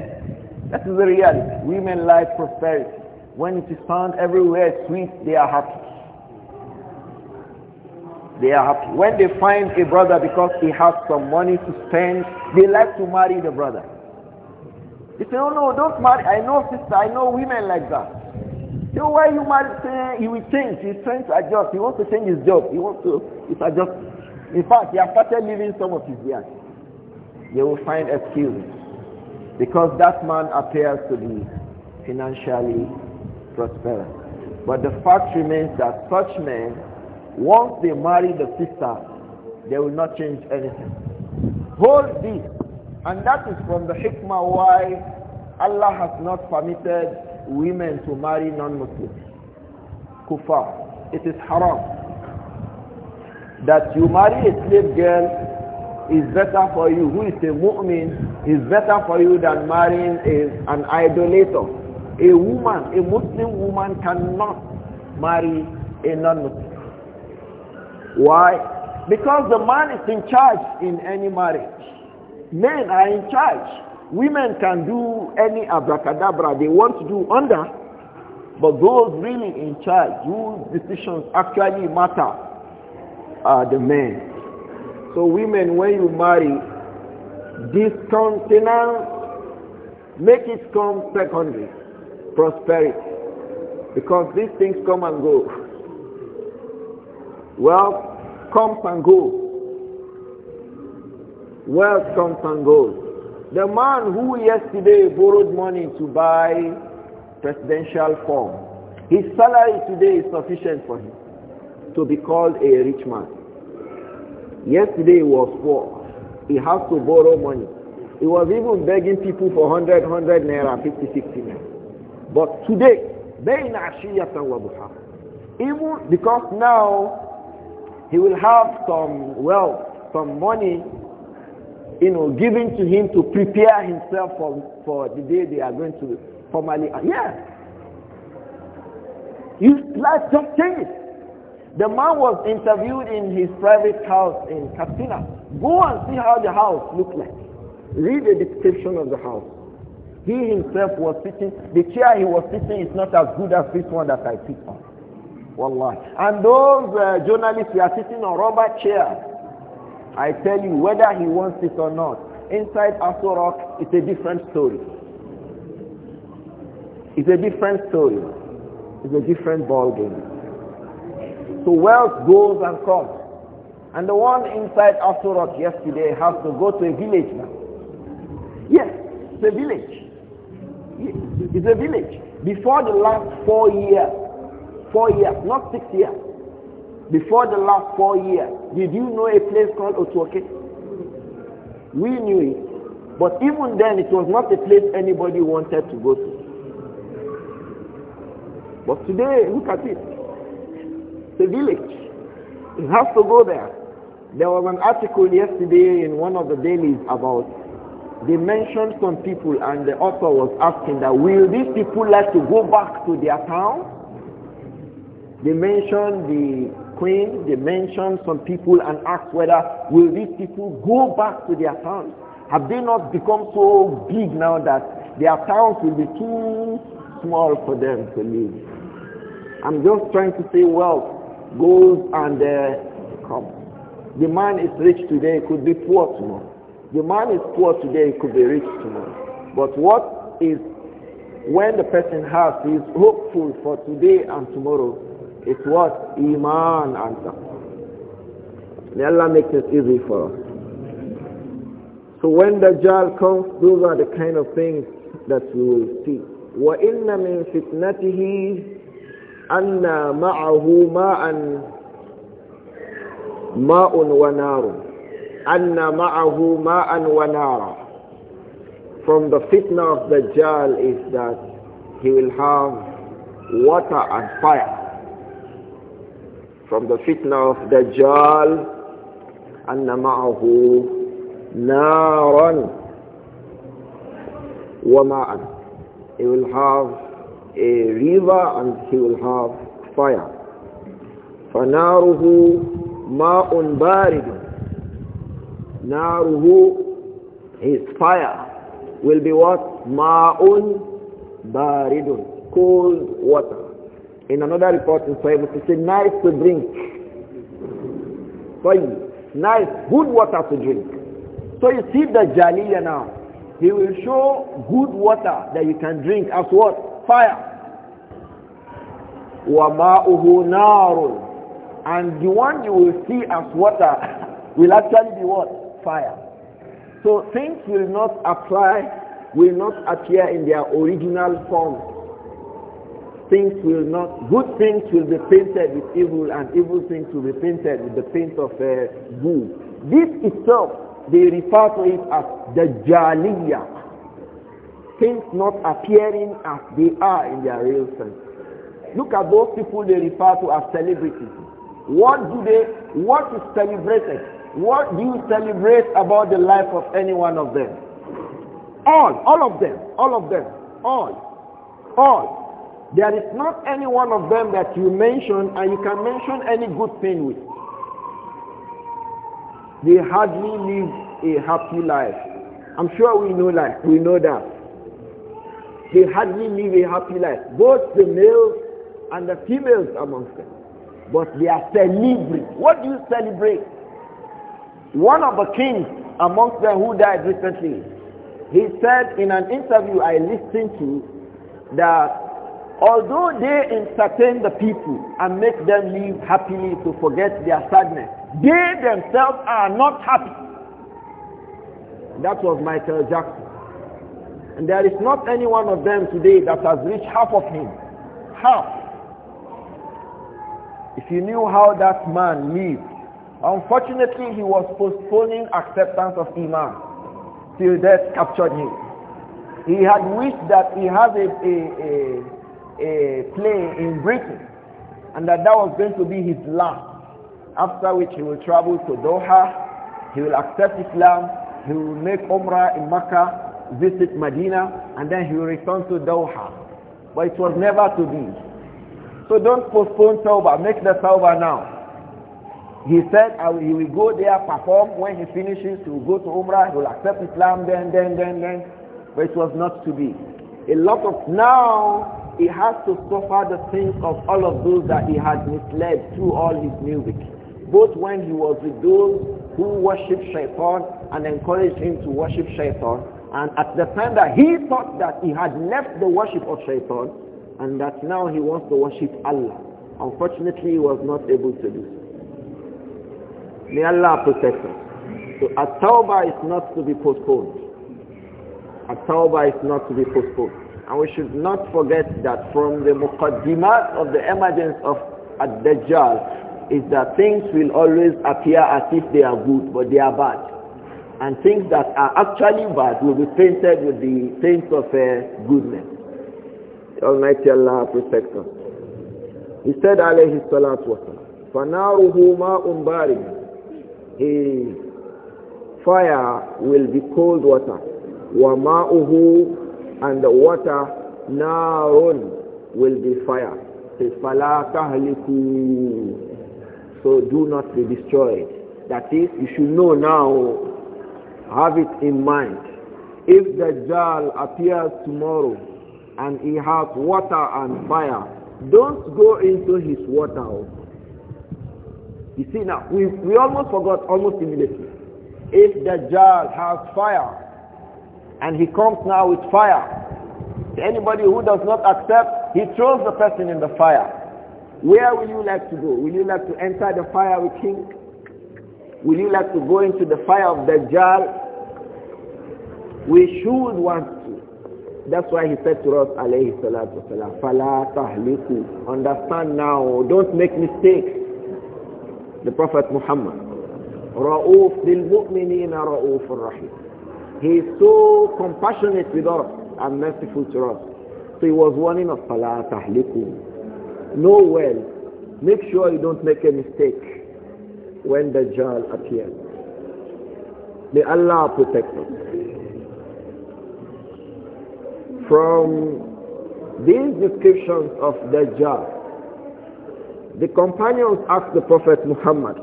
that is the reality women like prosperity when it is found everywhere sweet, they are happy. They are happy. When they find a brother because he has some money to spend, they like to marry the brother. They say, oh no, don't marry. I know sister, I know women like that. so oh, why you marry? Say, he will change. his friends. adjust. He wants to change his job. He wants to, it's adjust. In fact, he has started leaving some of his years. They will find excuses. Because that man appears to be financially prosperous. But the fact remains that such men, once they marry the sister, they will not change anything. Hold this. And that is from the hikmah why Allah has not permitted women to marry non-Muslims. Kufa. It is haram. That you marry a slave girl is better for you, who is a mu'min, is better for you than marrying a, an idolator. A woman, a Muslim woman cannot marry a non-Muslim. Why? Because the man is in charge in any marriage. Men are in charge. Women can do any abracadabra they want to do under, but those really in charge, whose decisions actually matter, are the men. So women, when you marry, continent make it come secondary prosperity. Because these things come and go. Wealth comes and goes. Wealth comes and goes. The man who yesterday borrowed money to buy presidential form, his salary today is sufficient for him to be called a rich man. Yesterday was poor. He has to borrow money. He was even begging people for 100, 100 naira, 50, 60 naira. But today, بين عشية وضحى. Even because now he will have some wealth, some money, you know, given to him to prepare himself for, for the day they are going to formally. Uh, yeah. His life just changed. The man was interviewed in his private house in Katina. Go and see how the house looked like. Read the description of the house. He himself was sitting, the chair he was sitting is not as good as this one that I sit on. Wallah, And those uh, journalists, who are sitting on rubber chairs. I tell you, whether he wants it or not, inside Asorok, it's a different story. It's a different story. It's a different ball game. So wealth goes and comes. And the one inside Asorok yesterday has to go to a village now. Yes, it's a village. It's a village. Before the last four years, four years, not six years, before the last four years, did you know a place called Otuoke? We knew it. But even then, it was not a place anybody wanted to go to. But today, look at it. The village. It has to go there. There was an article yesterday in one of the dailies about they mentioned some people and the author was asking that will these people like to go back to their town? They mentioned the queen, they mentioned some people and asked whether will these people go back to their town? Have they not become so big now that their towns will be too small for them to live? I'm just trying to say wealth goes and uh, comes. The man is rich today, could be poor tomorrow. The man is poor today, he could be rich tomorrow. But what is when the person has, is hopeful for today and tomorrow. It's what? Iman and taqwa. May Allah make it easy for us. So when the Dajjal comes, those are the kind of things that we will see. وَإِنَّ مِن فِتْنَتِهِ أَنَّ مَعَهُ مَاءً مَاءٌ وَنَارٌ أن معه ماء ونارا From the fitna of Dajjal is that he will have water and fire. From the fitna of Dajjal, أن معه نارا وماء. He will have a river and he will have fire. فناره ماء بارد Naruhu, his fire, will be what? Ma'un baridun, cold water. In another report in Sahih Muslim, say nice to drink. So nice, good water to drink. So you see the jaliya now. He will show good water that you can drink as what? Fire. وَمَاءُهُ نَارٌ And the one you will see as water will actually be what? fire. So things will not apply, will not appear in their original form. Things will not, good things will be painted with evil and evil things will be painted with the paint of uh, good. This itself, they refer to it as the jaliya. Things not appearing as they are in their real sense. Look at those people they refer to as celebrities. What do they, what is celebrated? What do you celebrate about the life of any one of them? All, all of them, all of them, all, all. There is not any one of them that you mention and you can mention any good thing with. They hardly live a happy life. I'm sure we know that. We know that. They hardly live a happy life. Both the males and the females amongst them. But they are celebrating. What do you celebrate? One of the kings amongst them who died recently, he said in an interview I listened to that although they entertain the people and make them live happily to forget their sadness, they themselves are not happy. That was Michael Jackson. And there is not any one of them today that has reached half of him. Half. If you knew how that man lived, Unfortunately, he was postponing acceptance of Iman till death captured him. He had wished that he had a, a, a, a play in Britain and that that was going to be his last, after which he will travel to Doha, he will accept Islam, he will make Umrah in Mecca, visit Medina, and then he will return to Doha. But it was never to be. So don't postpone Tawbah, make the Tawbah now. He said he will go there, perform. When he finishes, he will go to Umrah, he will accept Islam, then, then, then, then. But it was not to be. A lot of, now, he has to suffer the sins of all of those that he had misled through all his music. Both when he was with those who worshipped shaitan and encouraged him to worship shaitan, and at the time that he thought that he had left the worship of shaitan, and that now he wants to worship Allah. Unfortunately, he was not able to do so. May Allah protect us. So at-tawbah is not to be postponed. At-tawbah is not to be postponed. And we should not forget that from the muqaddimat of the emergence of Ad-Dajjal is that things will always appear as if they are good, but they are bad. And things that are actually bad will be painted with the paint of uh, goodness. Almighty Allah protect us. He said, alayhi salatu wasalam, فَنَارُهُ مَاءٌ بَارِدٌ a fire will be cold water. wama'uhu, And the water, نَارٌ will be fire. فَلَا تَهْلِكُوا So do not be destroyed. That is, you should know now, have it in mind. If the Dajjal appears tomorrow and he has water and fire, don't go into his water you see now, we, we almost forgot almost immediately. If Dajjal has fire, and he comes now with fire, anybody who does not accept, he throws the person in the fire. Where will you like to go? Will you like to enter the fire with him? Will you like to go into the fire of Dajjal? We should want to. That's why he said to us, alayhi salatu wasalam, فَلَا تَحْلِكُ Understand now, don't make mistakes the Prophet Muhammad. Ra'uf bil mu'minina ra'uf rahim. He is so compassionate with us and merciful to us. So he was warning us, فَلَا Know well, make sure you don't make a mistake when the Dajjal appears. May Allah protect us. From these descriptions of the Dajjal, the companions asked the Prophet Muhammad,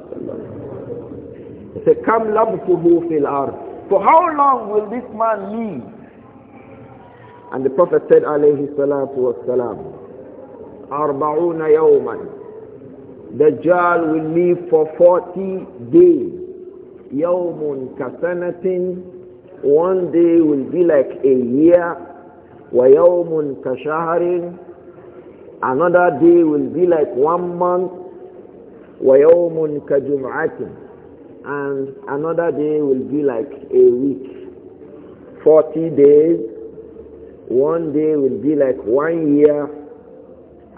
they said, Kam labfuhu fil ard. For how long will this man live? And the Prophet said, alayhi salatu wassalam, Arba'una yawman. Dajjal will live for 40 days. Yawmun kasanatin. One day will be like a year. ويوم كشهر Another day will be like one month, وَيَوْمٌ كَجُمْعَةٍ And another day will be like a week. 40 days, one day will be like one year,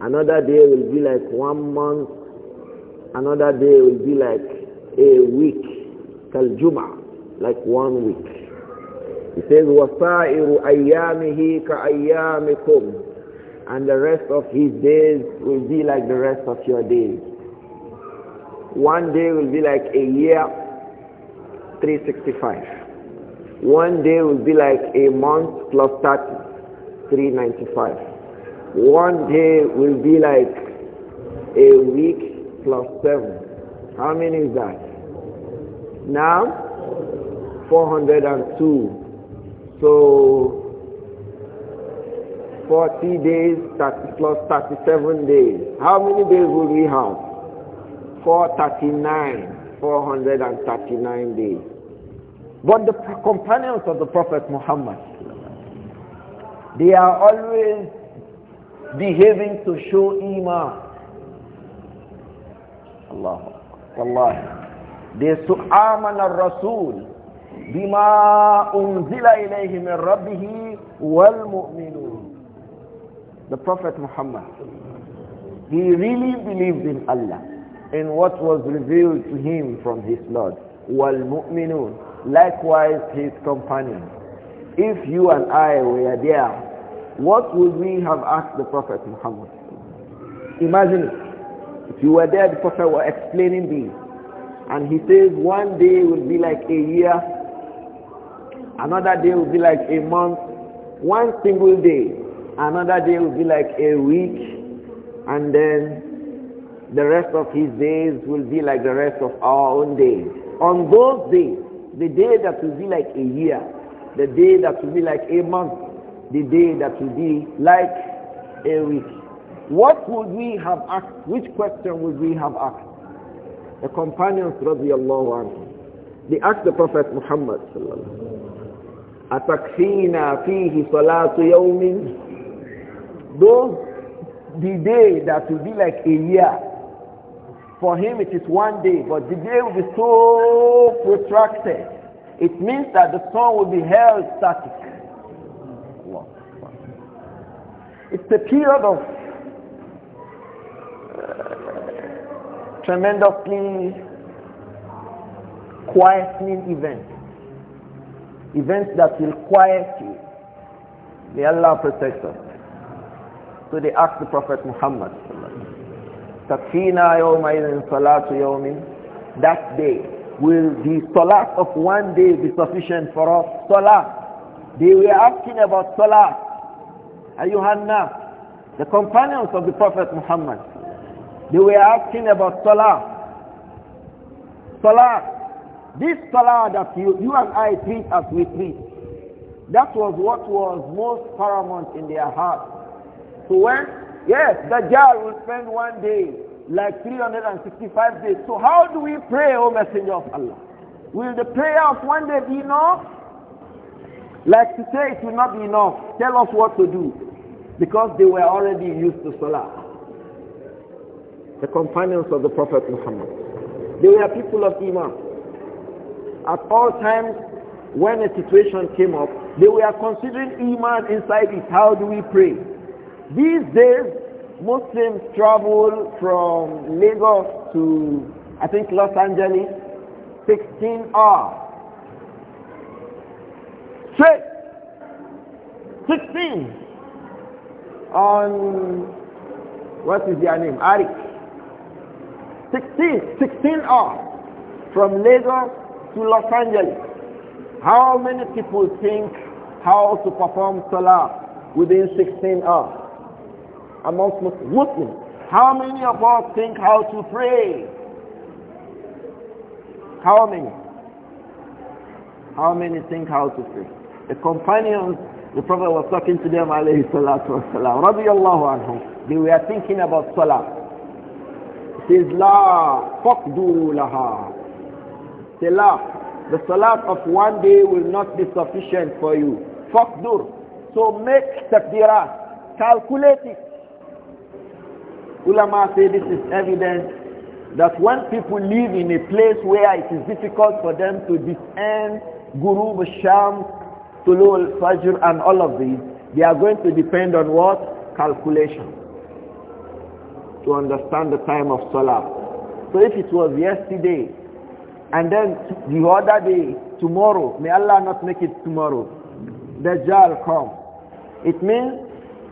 another day will be like one month, another day will be like a week, كَالْجُمْعَةِ Like one week. He says, وَصَائِرُ أَيَّامِهِ كَأَيَّامِكُمْ and the rest of his days will be like the rest of your days. One day will be like a year 365. One day will be like a month plus 30, 395. One day will be like a week plus 7. How many is that? Now, 402. So 40 days 30 plus 37 days. How many days will we have? 439, 439 days. But the companions of the Prophet Muhammad, they are always behaving to show iman. Allah, Allah. They su al rasul bima unzila ilayhi min rabbih wal mu'minun the Prophet Muhammad, he really believed in Allah, in what was revealed to him from his Lord. mu'minun Likewise his companions. If you and I were there, what would we have asked the Prophet Muhammad? Imagine If you were there, the Prophet was explaining this. And he says one day will be like a year, another day will be like a month, one single day Another day will be like a week and then the rest of his days will be like the rest of our own days. On those days, the day that will be like a year, the day that will be like a month, the day that will be like a week. What would we have asked? Which question would we have asked? The companions, radiallahu anhu, they asked the Prophet Muhammad, sallallahu alayhi wa sallam, أَتَكْفِينَا فِيهِ صَلَاةُ يَوْمٍ those, the day that will be like a year, for him it is one day, but the day will be so protracted. It means that the sun will be held static. It's a period of uh, tremendously quietening events. Events that will quiet you. May Allah protect us. So they asked the Prophet Muhammad Takfina yawma salatu yawmin That day will the salat of one day be sufficient for us? Salat. They were asking about salat. Ayuhanna, the companions of the Prophet Muhammad, they were asking about salat. Salat. This salah that you, you and I treat as we treat, that was what was most paramount in their heart. So when, yes, the jar will spend one day, like 365 days. So how do we pray, O Messenger of Allah? Will the prayer of one day be enough? Like to say it will not be enough. Tell us what to do. Because they were already used to Salah. The companions of the Prophet Muhammad. They were people of Iman. At all times, when a situation came up, they were considering Iman inside it. How do we pray? These days, Muslims travel from Lagos to, I think, Los Angeles, 16 hours. Straight. 16 on what is their name? Arik. 16, 16 hours from Lagos to Los Angeles. How many people think how to perform Salah within 16 hours? amongst Muslims. How many of us think how to pray? How many? How many think how to pray? The companions, the Prophet was talking to them, alayhi salatu wasalam, radiallahu anhum. They were thinking about salah. It says, la faqdu laha. Say la. The salah of one day will not be sufficient for you. Faqdur. So make takdirat. Calculate it. Ulama say this is evidence that when people live in a place where it is difficult for them to discern Guru, Shams, Tulul, Fajr and all of these, they are going to depend on what? Calculation. To understand the time of Salah. So if it was yesterday, and then the other day, tomorrow, may Allah not make it tomorrow, Dajjal come. It means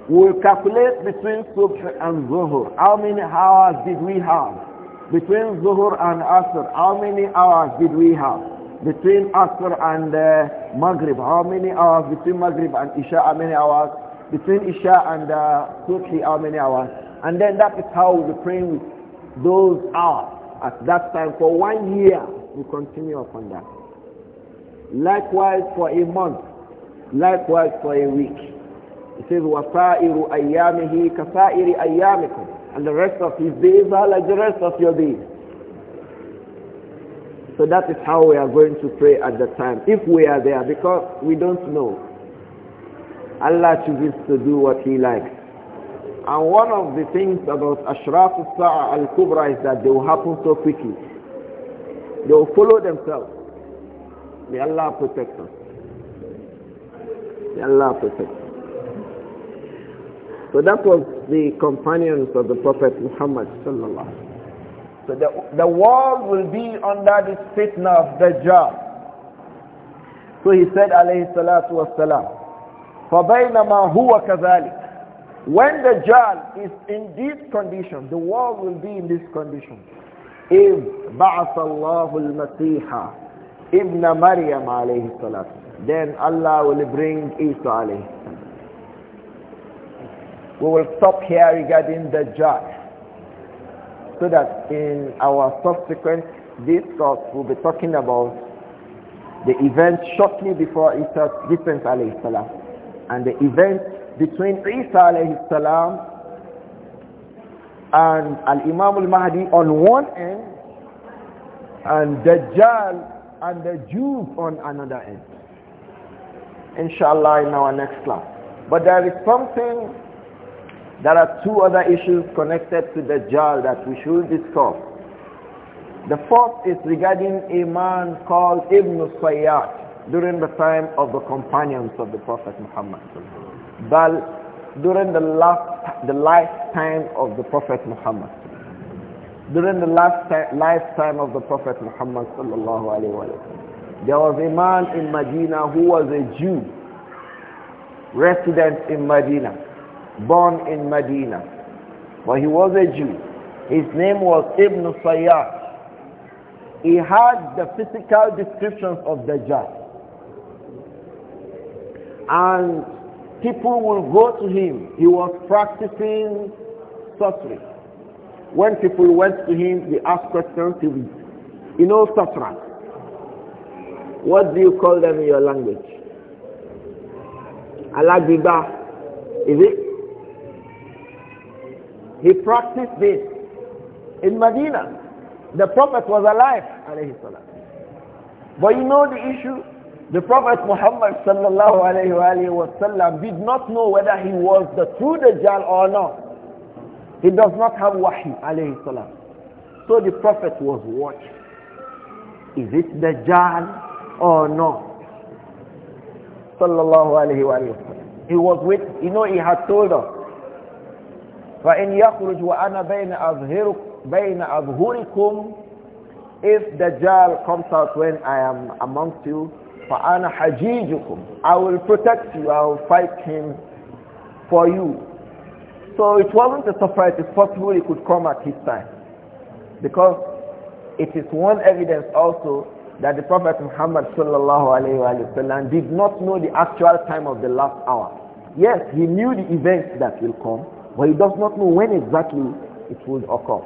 We'll calculate between Subh and Zuhur. How many hours did we have? Between Zuhur and Asr, how many hours did we have? Between Asr and uh, Maghrib, how many hours? Between Maghrib and Isha, how many hours? Between Isha and uh, Subh, how many hours? And then that is how we pray praying with those hours at that time for one year. We continue upon that. Likewise for a month. Likewise for a week. It says, وَسَائِرُ أَيَّامِهِ كَسَائِرِ أَيَّامِكُمْ And the rest of his days are like the rest of your days. So that is how we are going to pray at the time, if we are there, because we don't know. Allah chooses to do what He likes. And one of the things about Ashraf al-Sa'a al-Kubra is that they will happen so quickly. They will follow themselves. May Allah protect us. May Allah protect us. So that was the companions of the Prophet Muhammad sallallahu So the, the world will be under the fitna of Dajjal. So he said alayhi salatu wassalam, فَبَيْنَمَا هُوَ كَذَلِكَ When Dajjal is in this condition, the world will be in this condition. إِذْ بَعَثَ اللَّهُ الْمَسِيحَ إبن مريم عليه السلام, Then Allah will bring Isa alayhi salam. We will stop here regarding the judge so that in our subsequent discourse we'll be talking about the event shortly before Isa descent alayhi salam and the event between Isa alayhi salam and al-Imam al-Mahdi on one end and Dajjal and the Jews on another end. Inshallah in our next class. But there is something there are two other issues connected to the jar that we should discuss. The fourth is regarding a man called Ibn Sayyad during the time of the companions of the Prophet Muhammad. But during the last the lifetime of the Prophet Muhammad. During the last lifetime of the Prophet Muhammad sallallahu alaihi wasallam, there was a man in Medina who was a Jew, resident in Medina born in Medina. But he was a Jew. His name was Ibn Sayyad. He had the physical descriptions of Dajjal. And people will go to him. He was practicing sorcery. When people went to him, they asked questions. He would, you know, sorcerer. What do you call them in your language? Alagiba. Is it? He practiced this in Medina. The Prophet was alive, alayhi salam. But you know the issue? The Prophet Muhammad sallallahu alayhi wa sallam did not know whether he was the true Dajjal or not. He does not have wahi alayhi salam. So the Prophet was watching. Is it Dajjal or not? Sallallahu alayhi wa sallam. He was with, you know, he had told us فإن يخرج وأنا بين أظهرك بين أظهركم if Dajjal comes out when I am amongst you فأنا حجيجكم I will protect you I will fight him for you so it wasn't a surprise it's possible he could come at his time because it is one evidence also that the Prophet Muhammad sallallahu did not know the actual time of the last hour yes he knew the events that will come but he does not know when exactly it would occur.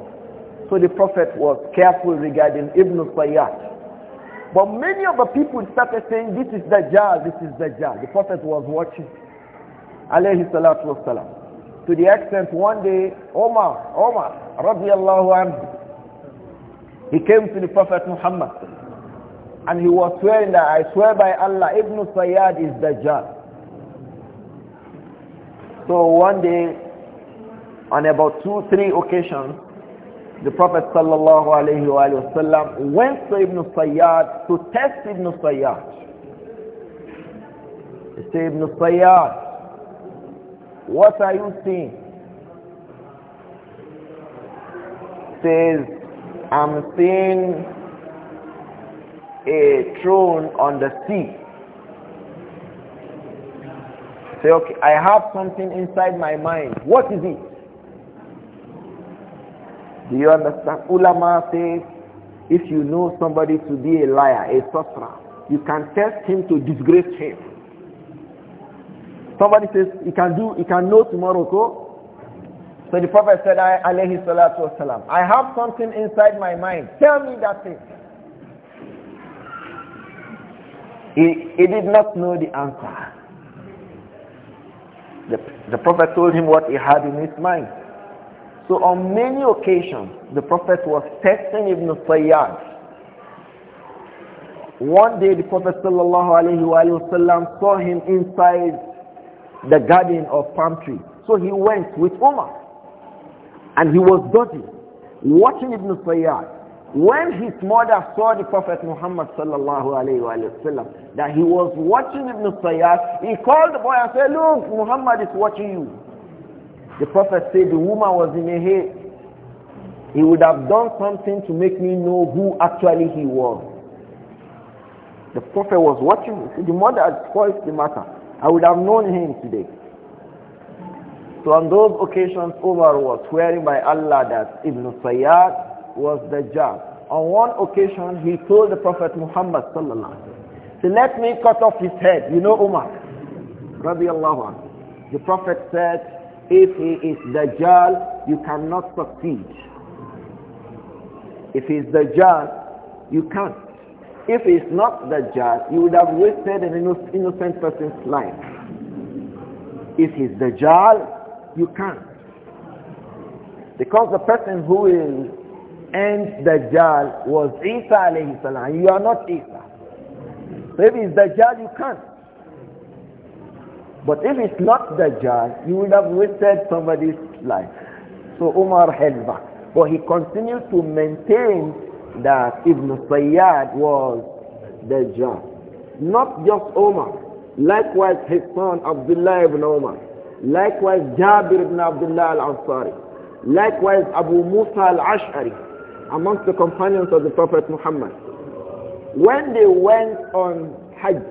So the Prophet was careful regarding Ibn Sayyad. But many of the people started saying, this is Dajjal, this is Dajjal. The Prophet was watching. Alayhi salatu wasalam. To the extent one day, Omar, Omar, radiallahu anhu, he came to the Prophet Muhammad and he was swearing that I swear by Allah, Ibn Sayyad is Dajjal. So one day on about two, three occasions, the Prophet sallallahu alayhi wa went to Ibn Sayyad to test Ibn Sayyad. He said, Ibn Sayyad, what are you seeing? says, I'm seeing a throne on the sea. Say, okay, I have something inside my mind. What is it? Do you understand? Ulama says, if you know somebody to be a liar, a sorcerer, you can test him to disgrace him. Somebody says, he can do, he can know tomorrow, so so the Prophet said, I, alayhi salatu wasalam, I have something inside my mind. Tell me that thing. He, he did not know the answer. The, the Prophet told him what he had in his mind. So on many occasions, the Prophet was testing Ibn Sayyad. One day the Prophet ﷺ saw him inside the garden of palm tree. So he went with Umar and he was dodging, watching Ibn Sayyad. When his mother saw the Prophet Muhammad ﷺ, that he was watching Ibn Sayyad, he called the boy and said, look, Muhammad is watching you. The Prophet said the woman was in a haze. He would have done something to make me know who actually he was. The Prophet was watching. me. the mother had spoiled the matter. I would have known him today. So on those occasions, Umar was swearing by Allah that Ibn Sayyad was the jab. On one occasion, he told the Prophet Muhammad sallallahu so let me cut off his head. You know Umar. Radiallahu anhu. The Prophet said, if he is Dajjal, you cannot succeed. If he is Dajjal, you can't. If he is not Dajjal, you would have wasted an innocent person's life. If he is Dajjal, you can't. Because the person who will end Dajjal was Isa alayhi salam. You are not Isa. So if he is Dajjal, you can't. But if it's not Dajjal, you would have wasted somebody's life. So Umar held back. But he continued to maintain that Ibn Sayyad was Dajjal. Not just Umar. Likewise his son Abdullah ibn Umar. Likewise Jabir ibn Abdullah al-Ansari. Likewise Abu Musa al-Ash'ari amongst the companions of the Prophet Muhammad. When they went on Hajj,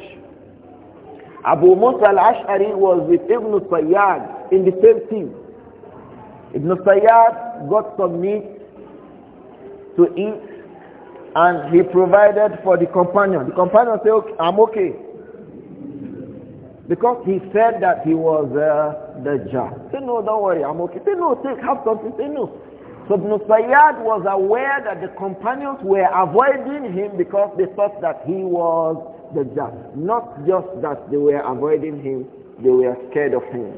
Abu Musa al-Ash'ari was with Ibn Sayyad in the same team. Ibn Sayyad got some meat to eat and he provided for the companion. The companion said, okay, I'm okay. Because he said that he was uh, the jar. Say, no, don't worry, I'm okay. Say, no, take, have something. Say, no. So Ibn Sayyad was aware that the companions were avoiding him because they thought that he was Dajjal. Not just that they were avoiding him, they were scared of him.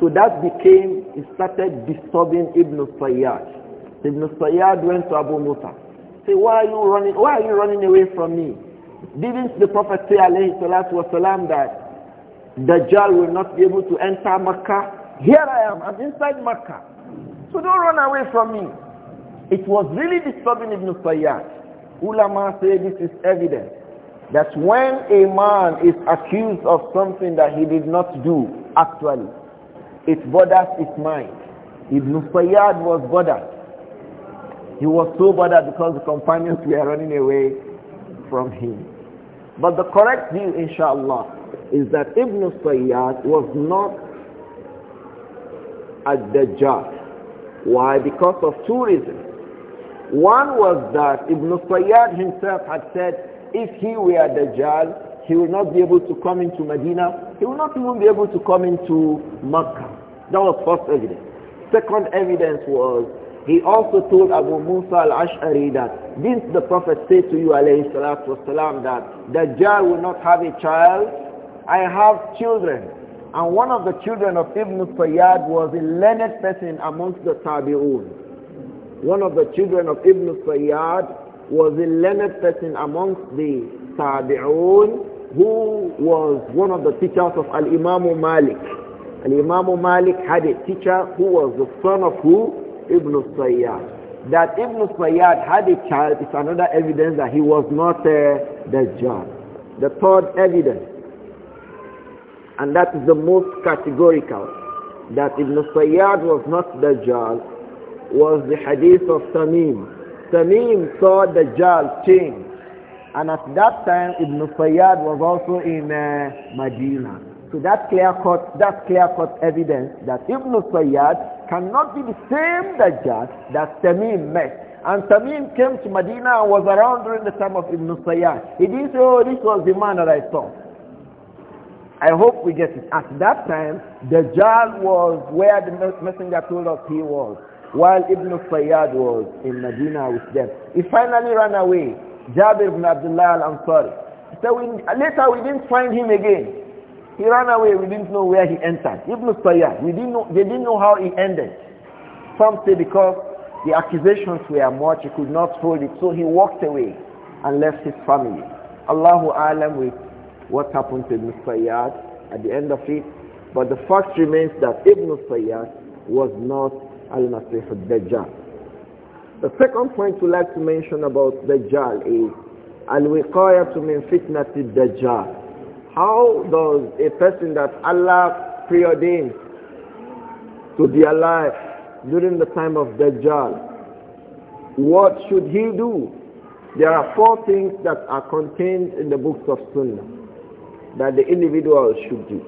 So that became, it started disturbing Ibn Sayyad. Ibn Sayyad went to Abu Musa. Say, why are you running, why are you running away from me? Didn't the Prophet say, alayhi salatu wasalam, that Dajjal will not be able to enter Makkah? Here I am, I'm inside Makkah. So don't run away from me. It was really disturbing Ibn Sayyad. Ulama say this is evidence that when a man is accused of something that he did not do, actually, it bothers his mind. Ibn Sayyad was bothered. He was so bothered because the companions were running away from him. But the correct view, inshallah, is that Ibn Sayyad was not at Dajjal. Why? Because of two reasons. One was that Ibn Sayyad himself had said, if he were Dajjal, he will not be able to come into Medina. He will not even be able to come into Makkah. That was first evidence. Second evidence was he also told Abu Musa al-Ash'ari that didn't the Prophet say to you alayhi salatu wasalam that Dajjal will not have a child? I have children. And one of the children of Ibn Sayyad was a learned person amongst the Tabi'un. One of the children of Ibn Sayyad was a learned person amongst the Tabi'un who was one of the teachers of Al-Imam Malik. Al-Imam Malik had a teacher who was the son of who? Ibn Sayyad. That Ibn Sayyad had a child is another evidence that he was not uh, Dajjal. The third evidence, and that is the most categorical, that Ibn Sayyad was not Dajjal, was the hadith of Tamim Tamim saw Dajjal change. And at that time, Ibn Fayyad was also in uh, Medina. So that clear-cut that clear-cut evidence that Ibn Sayyad cannot be the same Dajjal that Tamim met. And Tamim came to Medina and was around during the time of Ibn Sayyad. He didn't say, oh, this was the man that I saw. I hope we get it. At that time, Dajjal was where the messenger told us he was while Ibn Sayyad was in Medina with them. He finally ran away, Jabir ibn Abdullah al-Ansari. So we, later we didn't find him again. He ran away, we didn't know where he entered. Ibn Sayyad, we didn't know, they didn't know how he ended. Some say because the accusations were much, he could not hold it, so he walked away and left his family. Allahu Alam with what happened to Ibn Sayyad at the end of it. But the fact remains that Ibn Sayyad was not al-Masih al-Dajjal. The second point we like to mention about Dajjal is al-wiqayatu min fitnati Dajjal. How does a person that Allah preordained to be alive during the time of Dajjal, what should he do? There are four things that are contained in the books of Sunnah that the individual should do.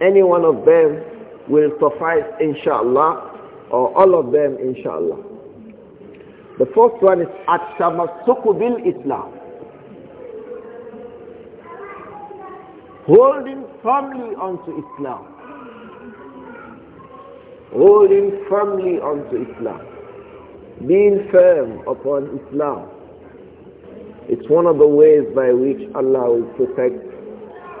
Any one of them will suffice, inshallah, or all of them inshallah the first one is at-tamassuku bil islam holding firmly onto islam holding firmly onto islam being firm upon islam it's one of the ways by which allah will protect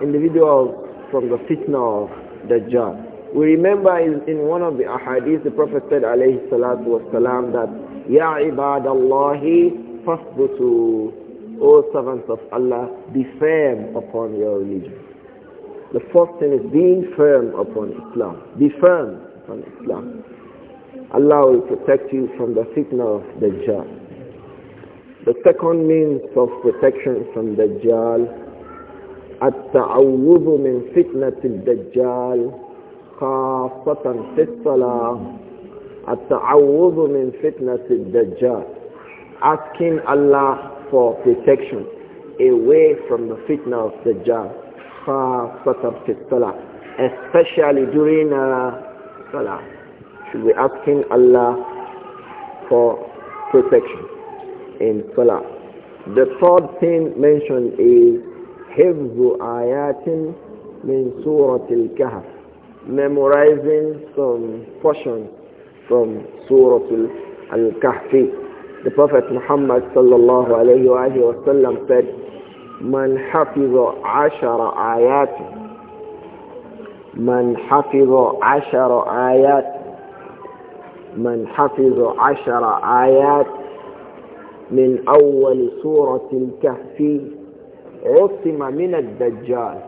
individuals from the fitna of dajjal we remember in, in one of the ahadith, the Prophet said, alayhi salatu wasalam, that, Ya ibadallahi fasbutu, O servants of Allah, be firm upon your religion. The first thing is being firm upon Islam. Be firm upon Islam. Allah will protect you from the fitna of Dajjal. The second means of protection from Dajjal, at-ta'awwudhu min fitnati Dajjal, خاصة في الصلاة التعوذ من فتنة الدجال asking Allah for protection away from the fitna of the خاصة في الصلاة especially during uh, Salah should be asking Allah for protection in Salah the third thing mentioned is ayatin min surat al-kahf memorizing some portions from Surah Al-Kahfi. The Prophet Muhammad sallallahu alayhi wa sallam said, Man حفظ عشر آيات من حفظ عشر آيات من حفظ عشر آيات من أول سورة الكهف عصم من الدجال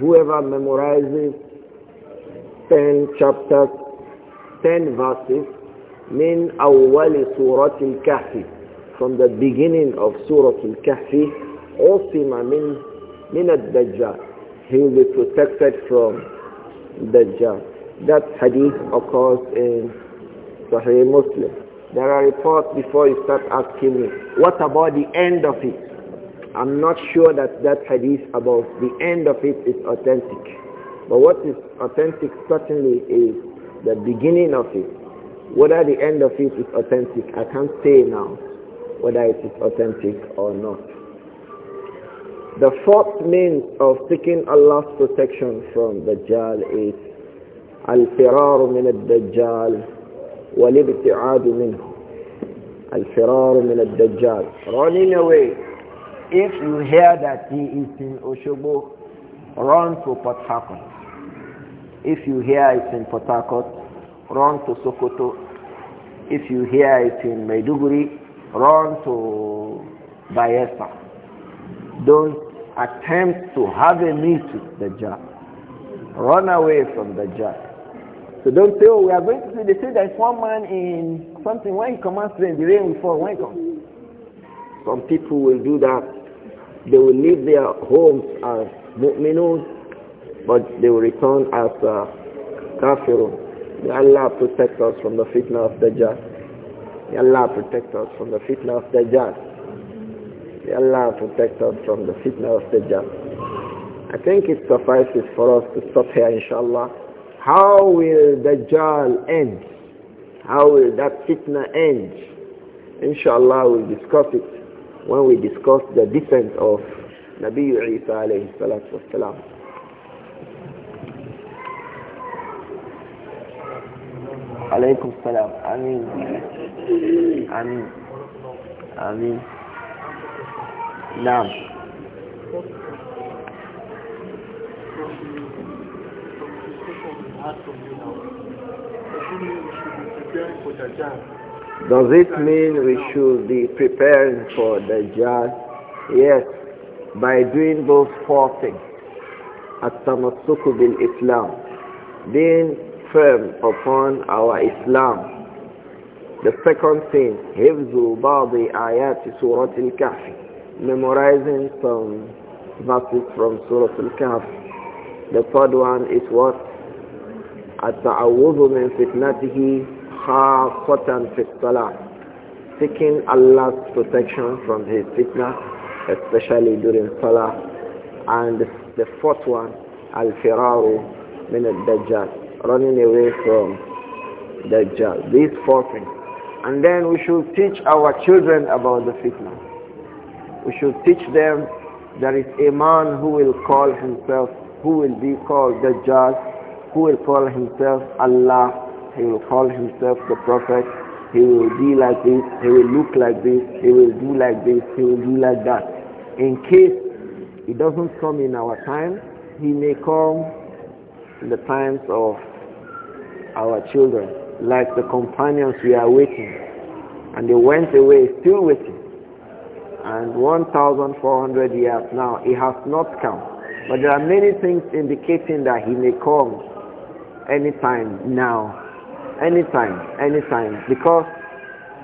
whoever memorizes 10 chapters, 10 verses, min awwal surat al-kahfi, from the beginning of surah al-kahfi, usima min, min al-dajjal. He will be protected from dajjal. That hadith occurs in Sahih Muslim. There are reports before you start asking me, what about the end of it? I'm not sure that that hadith about the end of it is authentic. But what is authentic certainly is the beginning of it. Whether the end of it is authentic, I can't say now whether it is authentic or not. The fourth means of seeking Allah's protection from the Dajjal is al-firar min al-Dajjal wal-ibti'ad minhu. Al-firar min al-Dajjal. Running away. If you hear that he is in Oshobo, run to Port Harcourt. If you hear it in Port Harcourt, run to Sokoto. If you hear it in Maiduguri, run to Bayelsa. Don't attempt to have a meet with the jar. Run away from the jar. So don't say, oh, we are going to see. They say there's one man in something. When he commands rain, the rain will fall. When come? Some people will do that. They will leave their homes as mu'minun but they will return as uh, kafirun. May Allah protect us from the fitna of Dajjal. May Allah protect us from the fitna of Dajjal. May Allah protect us from the fitna of Dajjal. I think it suffices for us to stop here, inshallah. How will Dajjal end? How will that fitna end? Inshallah, we'll discuss it when we discuss the descent of Nabi Isa alayhi salatu wasalam. Alaykum salam. Ameen. Ameen. Ameen. Naam. Does it mean we should be preparing for the judge? Yes, by doing those four things. At-tamassuku bil-Islam. Being firm upon our Islam. The second thing, حفظ بعض آيات سورة الكهف memorizing some verses from Surah Al-Kahf. The third one is what? التعوذ من فتنته خاصة في الصلاة seeking Allah's protection from his fitna especially during Salah and the fourth one al-firaru min al-dajjal running away from the judge, These four things. And then we should teach our children about the fitna. We should teach them there is a man who will call himself, who will be called the judge, who will call himself Allah, he will call himself the Prophet, he will be like this, he will look like this, he will do like this, he will do like that. In case he doesn't come in our time, he may come in the times of our children like the companions we are waiting. And they went away still waiting. And 1,400 years now, he has not come. But there are many things indicating that he may come anytime now. Anytime, anytime. Because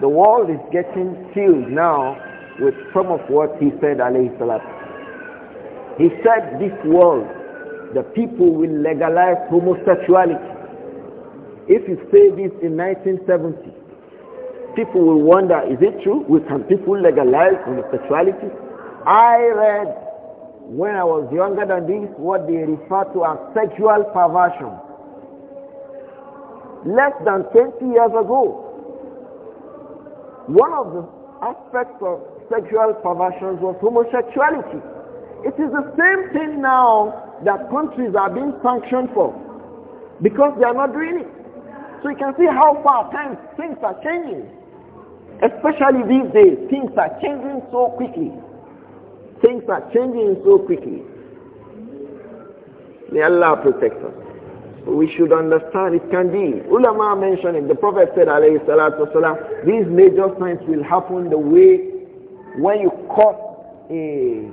the world is getting filled now with some of what he said, alayhi He said this world, the people will legalize homosexuality. If you say this in 1970, people will wonder, is it true? Will some people legalize homosexuality? I read when I was younger than this what they refer to as sexual perversion. Less than 20 years ago, one of the aspects of sexual perversion was homosexuality. It is the same thing now that countries are being sanctioned for because they are not doing it. So you can see how far times things are changing. Especially these days, things are changing so quickly. Things are changing so quickly. May Allah protect us. We should understand it can be. Ulama mentioned it. The Prophet said, alayhi these major signs will happen the way when you cut a,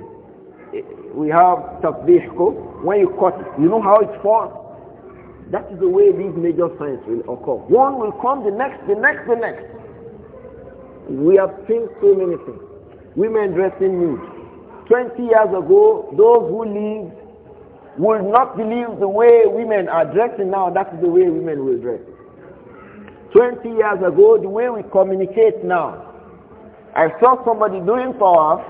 a we have tasbih, when you cut, you know how it falls? That is the way these major signs will occur. One will come, the next, the next, the next. We have seen so many things. Women dressing nude. 20 years ago, those who lived would not believe the way women are dressing now. That is the way women will dress. 20 years ago, the way we communicate now. I saw somebody doing for us.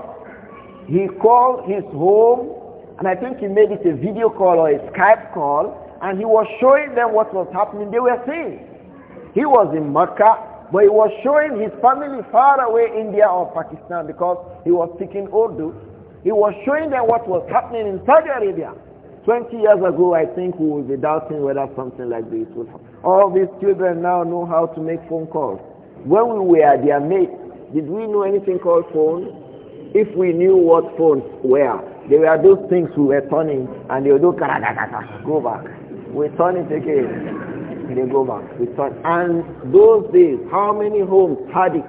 He called his home, and I think he made it a video call or a Skype call and he was showing them what was happening. They were seeing. He was in Mecca, but he was showing his family far away, India or Pakistan, because he was speaking Urdu. He was showing them what was happening in Saudi Arabia. 20 years ago, I think we will be doubting whether something like this will happen. All these children now know how to make phone calls. When we were their mates, did we know anything called phone? If we knew what phones were, they were those things we were turning and they would do go back. We turn it again. They go back. We turn. And those days, how many homes had it?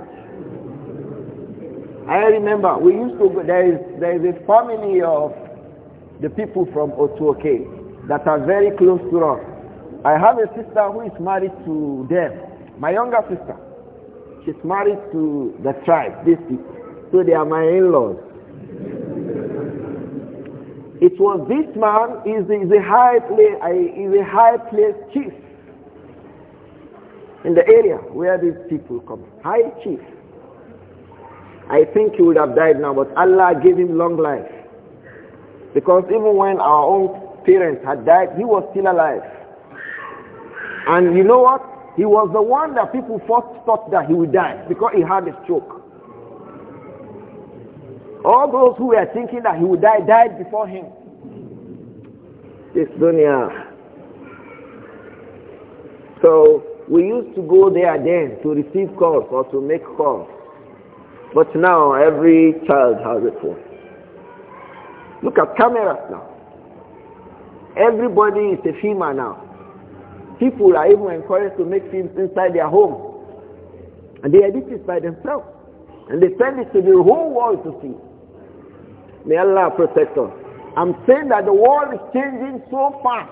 I remember we used to go, there is, there is a family of the people from Otuoke that are very close to us. I have a sister who is married to them. My younger sister. She's married to the tribe, these people. So they are my in-laws. It was this man is the, the high place, is a high place chief in the area where these people come. High chief. I think he would have died now, but Allah gave him long life. Because even when our own parents had died, he was still alive. And you know what? He was the one that people first thought that he would die because he had a stroke. All those who were thinking that he would die died before him. This dunya. So we used to go there then to receive calls or to make calls. But now every child has a phone. Look at cameras now. Everybody is a filmer now. People are even encouraged to make films inside their home. And they edit it by themselves. And they send it to the whole world to see. May Allah protect us. I'm saying that the world is changing so fast.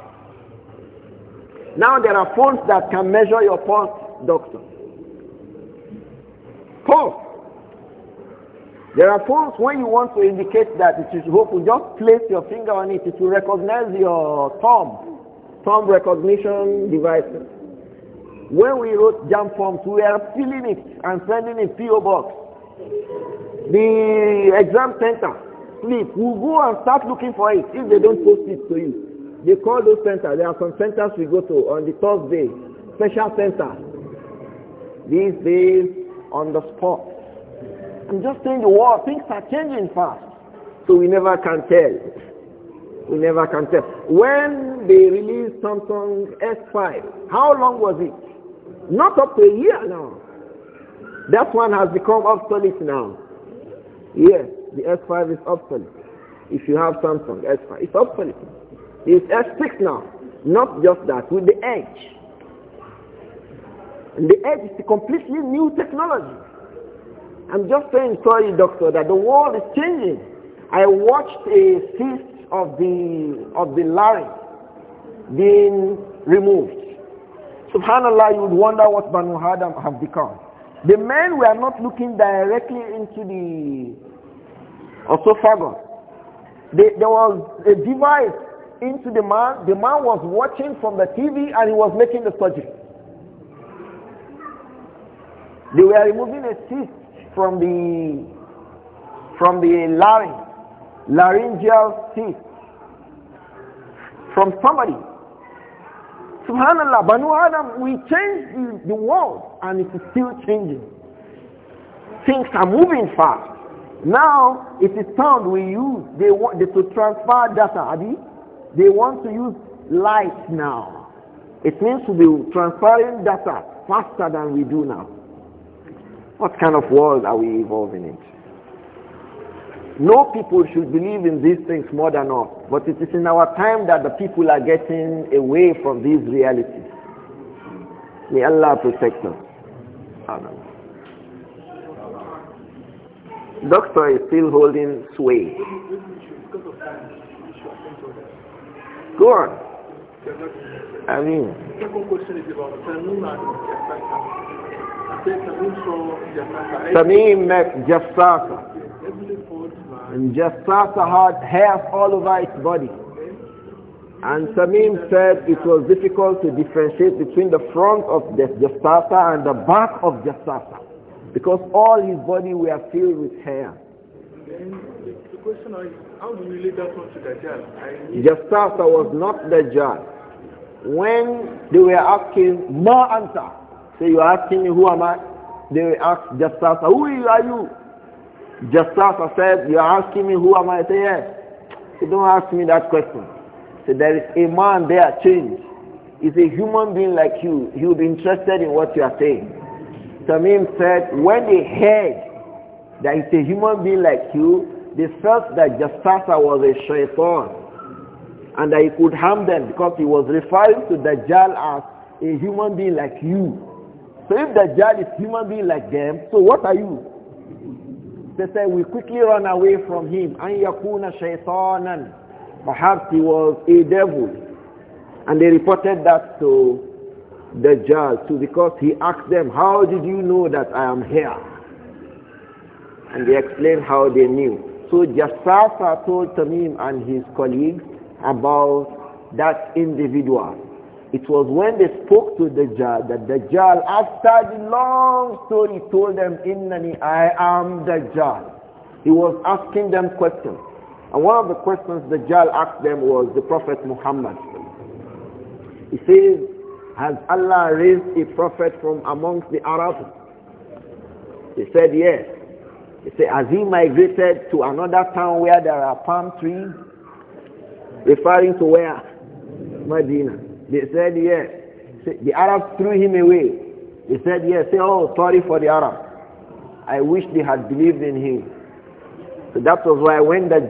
Now there are phones that can measure your pulse, doctor. Pulse. There are phones when you want to indicate that it is hopeful, just place your finger on it. It will recognize your thumb. Thumb recognition devices. When we wrote jam forms, we are filling it and sending it PO box. The exam center sleep, we'll go and start looking for it if they don't post it to you. They call those centers. There are some centers we go to on the Thursday, special center. These days, on the spot. I'm just saying the war, things are changing fast. So we never can tell. We never can tell. When they released Samsung S5, how long was it? Not up to a year now. That one has become obsolete now. Yes. The S5 is obsolete. If you have Samsung S5, it's obsolete. It's S6 now. Not just that, with the edge. And the edge is a completely new technology. I'm just saying, sorry, doctor, that the world is changing. I watched a cyst of the of the larynx being removed. Subhanallah, you would wonder what Banu Hadam have become. The men were not looking directly into the also fagot. They, there was a device into the man. The man was watching from the TV and he was making the surgery. They were removing a cyst from the from the larynx, laryngeal cyst from somebody. Subhanallah, Banu Adam, we change the, the world and it is still changing. Things are moving fast. Now, it is sound we use. They want they, to transfer data, Abi. They want to use light now. It means to be transferring data faster than we do now. What kind of world are we evolving into? No people should believe in these things more than us. But it is in our time that the people are getting away from these realities. May Allah protect us. Amen. Doctor is still holding sway. Go on. I mean. Tamim and met Jassasa. And Jassasa had hairs all over its body. And Tamim said it was difficult to differentiate between the front of Jassasa and the back of Jassasa. Because all his body were filled with hair. Then the question is, how do you relate that one to Dajjal? Jastasa was not Dajjal. When they were asking, Ma Anta, so you are asking me who am I? They were asked Jastasa, who are you? Jastasa said, you are asking me who am I? I say, yes. So don't ask me that question. So there is a man there, change. He's a human being like you. He will be interested in what you are saying. Tamim said, when they heard that it's a human being like you, they felt that Jastasa was a shaitan and that he could harm them because he was referring to Dajjal as a human being like you. So if Dajjal is human being like them, so what are you? They said, we quickly run away from him. An yakuna shaitanan. Perhaps he was a devil. And they reported that to Dajjal too because he asked them, how did you know that I am here? And they explained how they knew. So Jassasa told Tamim and his colleagues about that individual. It was when they spoke to Dajjal that Dajjal, after the long story, told them, Innani, I am Dajjal. He was asking them questions. And one of the questions Dajjal asked them was the Prophet Muhammad. He says, has Allah raised a prophet from amongst the Arabs? He said, yes. He said, as he migrated to another town where there are palm trees, referring to where? Medina. They said, yes. Say, the Arabs threw him away. They said, yes. Say, oh, sorry for the Arabs. I wish they had believed in him. So that was why when the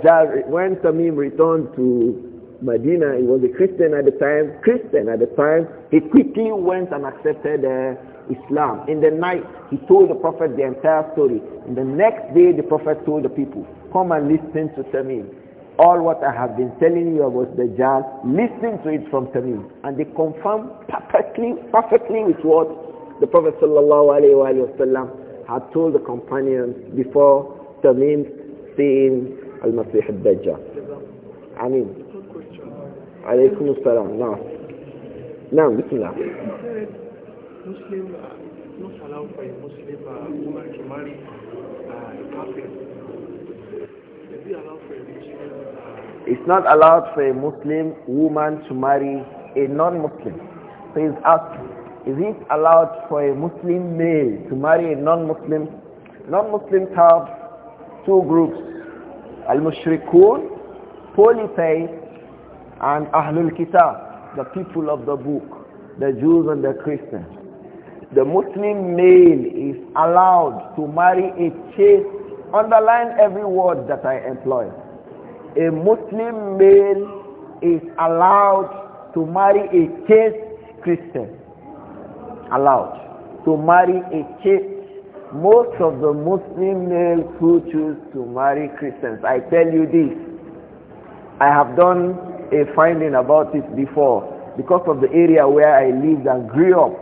when Tamim returned to Medina, he was a Christian at the time, Christian at the time, he quickly went and accepted uh, Islam. In the night, he told the Prophet the entire story. And the next day, the Prophet told the people, come and listen to Tamim. All what I have been telling you about the jah. listen to it from Tamim. And they confirmed perfectly, perfectly with what the Prophet wasallam had told the companions before Tamim seeing Al-Masih al-Dajjal. I mean, عليكم السلام نعم نعم بسم الله It's not allowed for a Muslim woman to marry a non-Muslim. So he's asked, is it allowed for a Muslim male to marry a non-Muslim? Non-Muslims have two groups, al-mushrikun, polytheists, and Ahlul Kitab, the people of the book, the Jews and the Christians. The Muslim male is allowed to marry a chaste, underline every word that I employ. A Muslim male is allowed to marry a chaste Christian. Allowed to marry a chaste. Most of the Muslim males who choose to marry Christians, I tell you this, I have done a finding about it before because of the area where I lived and grew up.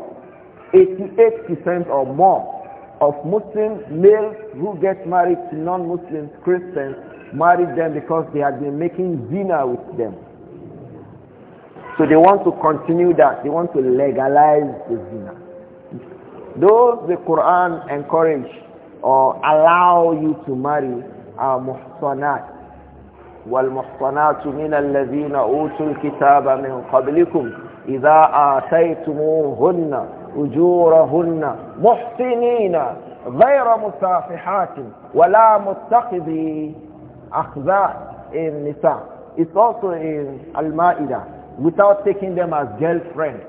88% or more of Muslim males who get married to non-Muslims, Christians, married them because they had been making zina with them. So they want to continue that. They want to legalize the zina. Those the Quran encourage or allow you to marry are muhsanat, والمحصنات من الذين أوتوا الكتاب من قبلكم إذا آتيتموهن أجورهن محسنين غير مسافحات ولا متخذي أخذاء النساء It's also in Al-Ma'idah without taking them as girlfriend.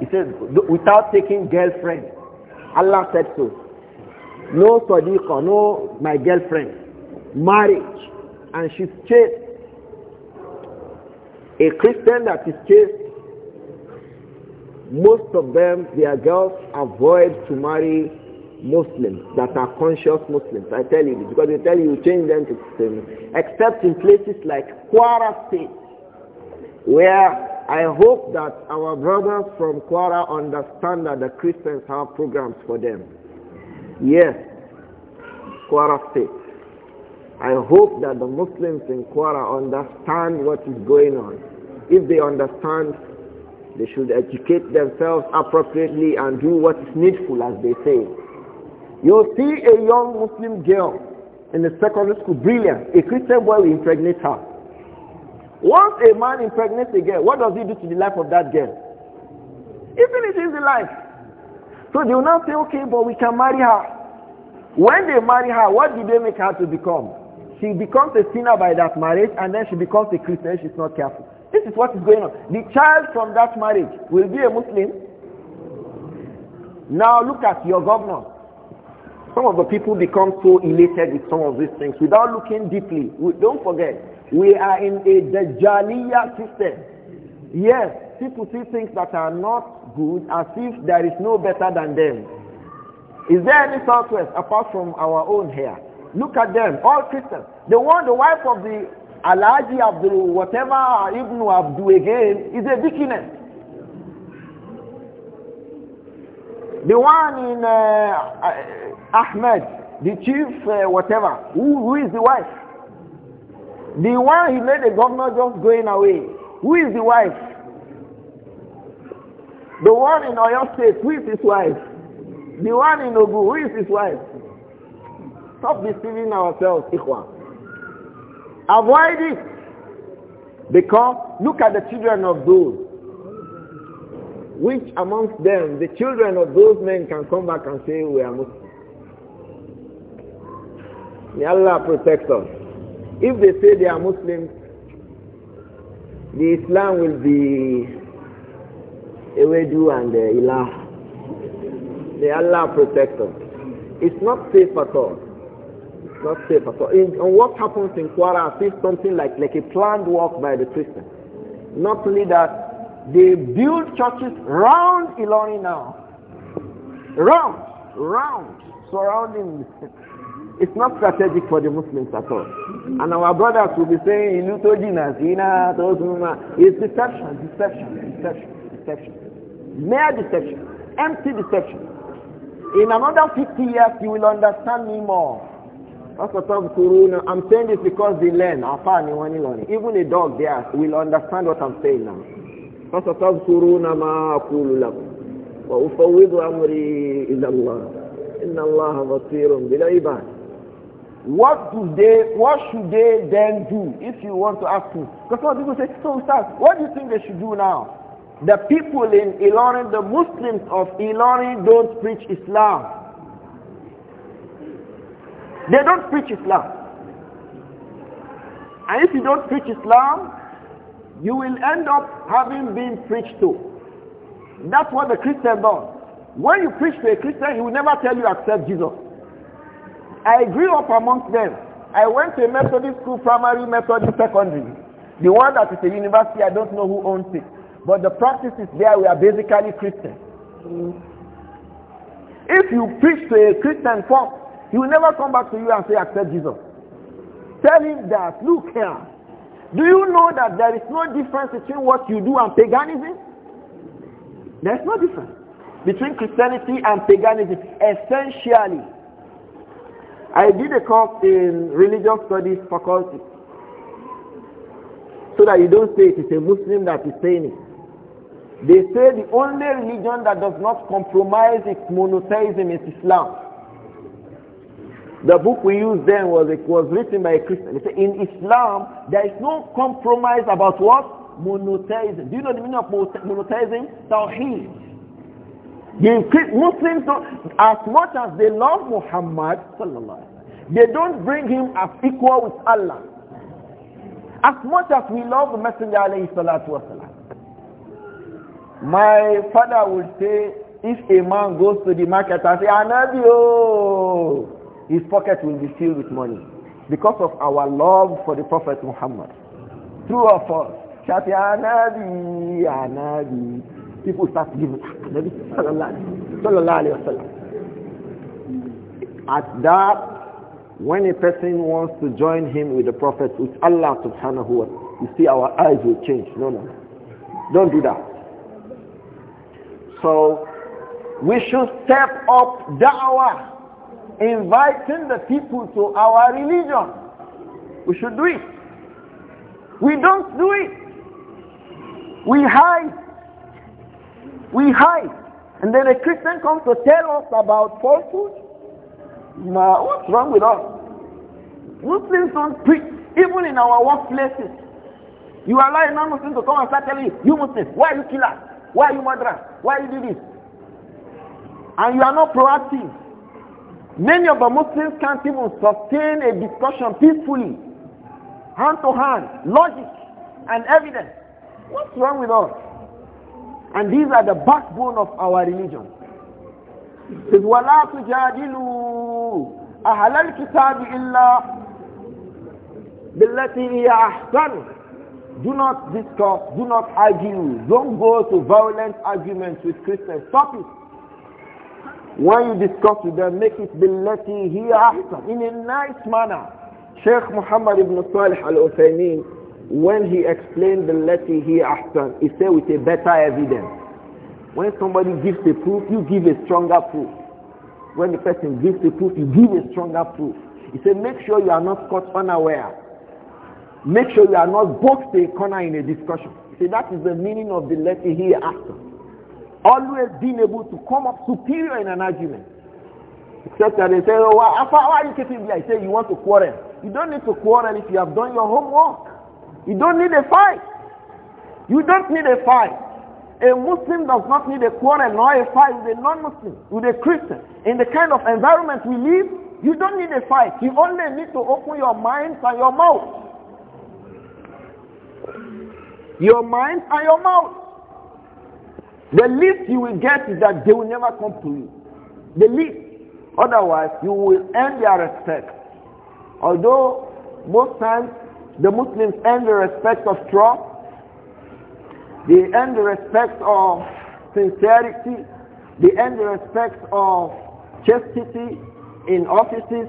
He says without taking girlfriend. Allah said so. No sadiqa, no my girlfriend. marriage, and she's chaste. A Christian that is chaste, most of them, their girls avoid to marry Muslims that are conscious Muslims. I tell you this because they tell you change them to Muslims, except in places like Kwara State, where I hope that our brothers from Kwara understand that the Christians have programs for them. Yes, Kwara State. I hope that the Muslims in Kwara understand what is going on. If they understand, they should educate themselves appropriately and do what is needful, as they say. You'll see a young Muslim girl in the secondary school, brilliant. A Christian boy will impregnate her. Once a man impregnates a girl, what does he do to the life of that girl? He finishes the life. So they will now say, okay, but we can marry her. When they marry her, what do they make her to become? She becomes a sinner by that marriage and then she becomes a Christian she's not careful. This is what is going on. The child from that marriage will be a Muslim. Now look at your governor. Some of the people become so elated with some of these things without looking deeply. We, don't forget, we are in a Dajjaliya system. Yes, people see things that are not good as if there is no better than them. Is there any southwest apart from our own here? Look at them, all Christians. The one, the wife of the Alaji Abdul, whatever Ibn Abdul again, is a deaconess. The one in uh, uh, Ahmed, the chief, uh, whatever, who, who is the wife? The one he made the governor just going away, who is the wife? The one in Oyo State, who is his wife? The one in Ogun, who is his wife? Stop deceiving ourselves, Ikhwan. Avoid it. Because look at the children of those. Which amongst them, the children of those men can come back and say, we are Muslims. May Allah protect us. If they say they are Muslims, the Islam will be a wedu and a uh, Ilah. May Allah protect us. It's not safe at all. Not safe at In, what happens in Kwara is something like, like a planned work by the Christians. Not only that, they build churches round Ilori now. Round, round, surrounding. It's not strategic for the Muslims at all. And our brothers will be saying, Nazina, those women. It's deception, deception, deception, deception. Mere deception, empty deception. In another 50 years, you will understand me more. أَفَتَذْكُرُونَ I'm saying this because they learn. أَفَانِ وَنِلَنِ Even a dog there will understand what I'm saying now. فَسَتَذْكُرُونَ مَا أَقُولُ لَكُمْ وَأُفَوِّضُ أَمْرِي Allah. Inna Allah اللَّهَ بَصِيرٌ بِالْعِبَادِ What do they, what should they then do if you want to ask me? Because some people say, so Ustaz, what do you think they should do now? The people in Ilorin, the Muslims of Ilorin don't preach Islam. They don't preach Islam. And if you don't preach Islam, you will end up having been preached to. That's what the Christian does. When you preach to a Christian, he will never tell you accept Jesus. I grew up amongst them. I went to a Methodist school, primary, Methodist, secondary. The one that is a university, I don't know who owns it. But the practice is there We are basically Christian. Mm. If you preach to a Christian first, he will never come back to you and say, accept Jesus. Tell him that, look here, do you know that there is no difference between what you do and paganism? There's no difference between Christianity and paganism, essentially. I did a course in religious studies faculty so that you don't say it is a Muslim that is saying it. They say the only religion that does not compromise its monotheism is Islam. The book we used then was, it was written by a Christian. It said, in Islam, there is no compromise about what? Monotheism. Do you know the meaning of monotheism? Tawheed. The Muslims, as much as they love Muhammad, they don't bring him as equal with Allah. As much as we love the Messenger alayhi salatu wasalam. My father would say, if a man goes to the market and say, anabiyo. Oh, his pocket will be filled with money because of our love for the Prophet Muhammad. Two of us, Shafi Anabi, Anabi, people start giving Anabi ah, Sallallahu Alaihi Wasallam. At that, when a person wants to join him with the Prophet, with Allah subhanahu wa ta'ala, you see our eyes will change. No, no. Don't do that. So, we should step up da'wah inviting the people to our religion. We should do it. We don't do it. We hide. We hide. And then a Christian comes to tell us about falsehood. Nah, what's wrong with us? Muslims don't preach, even in our workplaces. You allow a non-Muslim to come and start telling you, you Muslim, why are you killer? Why are you murderer? Why you do this? And you are not proactive. Many of the Muslims can't even sustain a discussion peacefully, hand to hand, logic and evidence. What's wrong with us? And these are the backbone of our religion. Says, وَلَا تُجَادِلُوا أَهْلَ الْكِتَابِ إِلَّا بِالَّتِي هِيَ أَحْسَنُ Do not discuss, do not argue, don't go to violent arguments with Christians. Stop it. When you discuss with them, make it billati hiya ahsan, in a nice manner. Sheikh Muhammad ibn Salih al-Uthaymeen, when he explained billati hiya ahsan, he said with a better evidence. When somebody gives a proof, you give a stronger proof. When the person gives a proof, you give a stronger proof. He said, make sure you are not caught unaware. Make sure you are not boxed a corner in a discussion. He said, that is the meaning of the letter here after always been able to come up superior in an argument. Except that they say, oh, why, why are you keeping me? I say, you want to quarrel. You don't need to quarrel if you have done your homework. You don't need a fight. You don't need a fight. A Muslim does not need a quarrel nor a fight with a non-Muslim, with a Christian. In the kind of environment we live, you don't need a fight. You only need to open your mind and your mouth. Your mind and your mouth. The least you will get is that they will never come to you. The least. Otherwise, you will earn their respect. Although most times the Muslims earn the respect of trust, they earn the respect of sincerity, they earn the respect of chastity in offices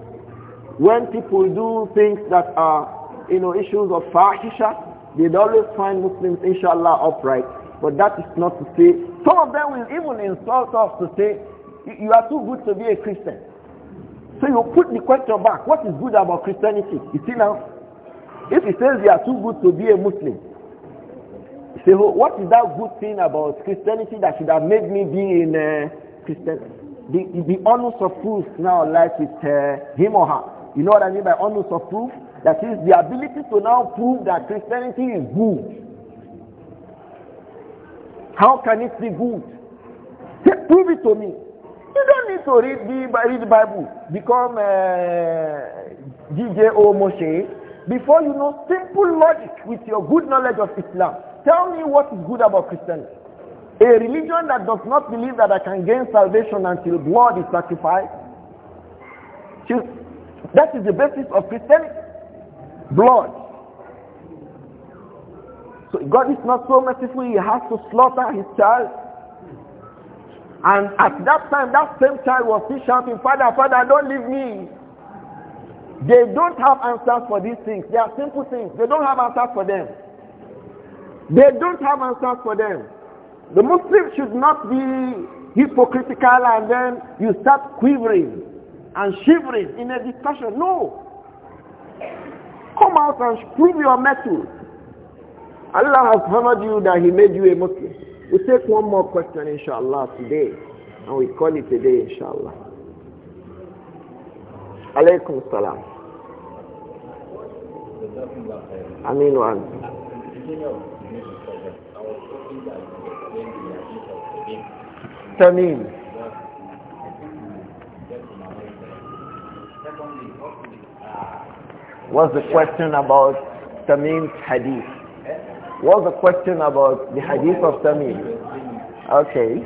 when people do things that are, you know, issues of fahisha, they always find Muslims, inshallah, upright. But that is not to say, some of them will even insult us to say, you are too good to be a Christian. So you put the question back, what is good about Christianity? You see now? If he says you are too good to be a Muslim, you say, well, oh, what is that good thing about Christianity that should have made me be in uh, Christian? The, the onus of proof now lies with uh, him or her. You know what I mean by onus of proof? That is the ability to now prove that Christianity is good. How can it be good? Say, prove it to me. You don't need to read the, read the Bible. Become uh, DJO Moshe. Before you know simple logic with your good knowledge of Islam, tell me what is good about Christianity. A religion that does not believe that I can gain salvation until blood is sacrificed. That is the basis of Christianity. Blood. So God is not so merciful, he has to slaughter his child. And at that time, that same child was still shouting, Father, Father, don't leave me. They don't have answers for these things. They are simple things. They don't have answers for them. They don't have answers for them. The Muslims should not be hypocritical and then you start quivering and shivering in a discussion. No. Come out and prove your mettle. Allah has honored you that He made you a Muslim. We take one more question, inshallah, today, and we call it a day, inshallah. Alaykum salam. Amin wa Tamim. What's the question about Tamim's hadith? What's the question about the hadith of Tamim? Okay.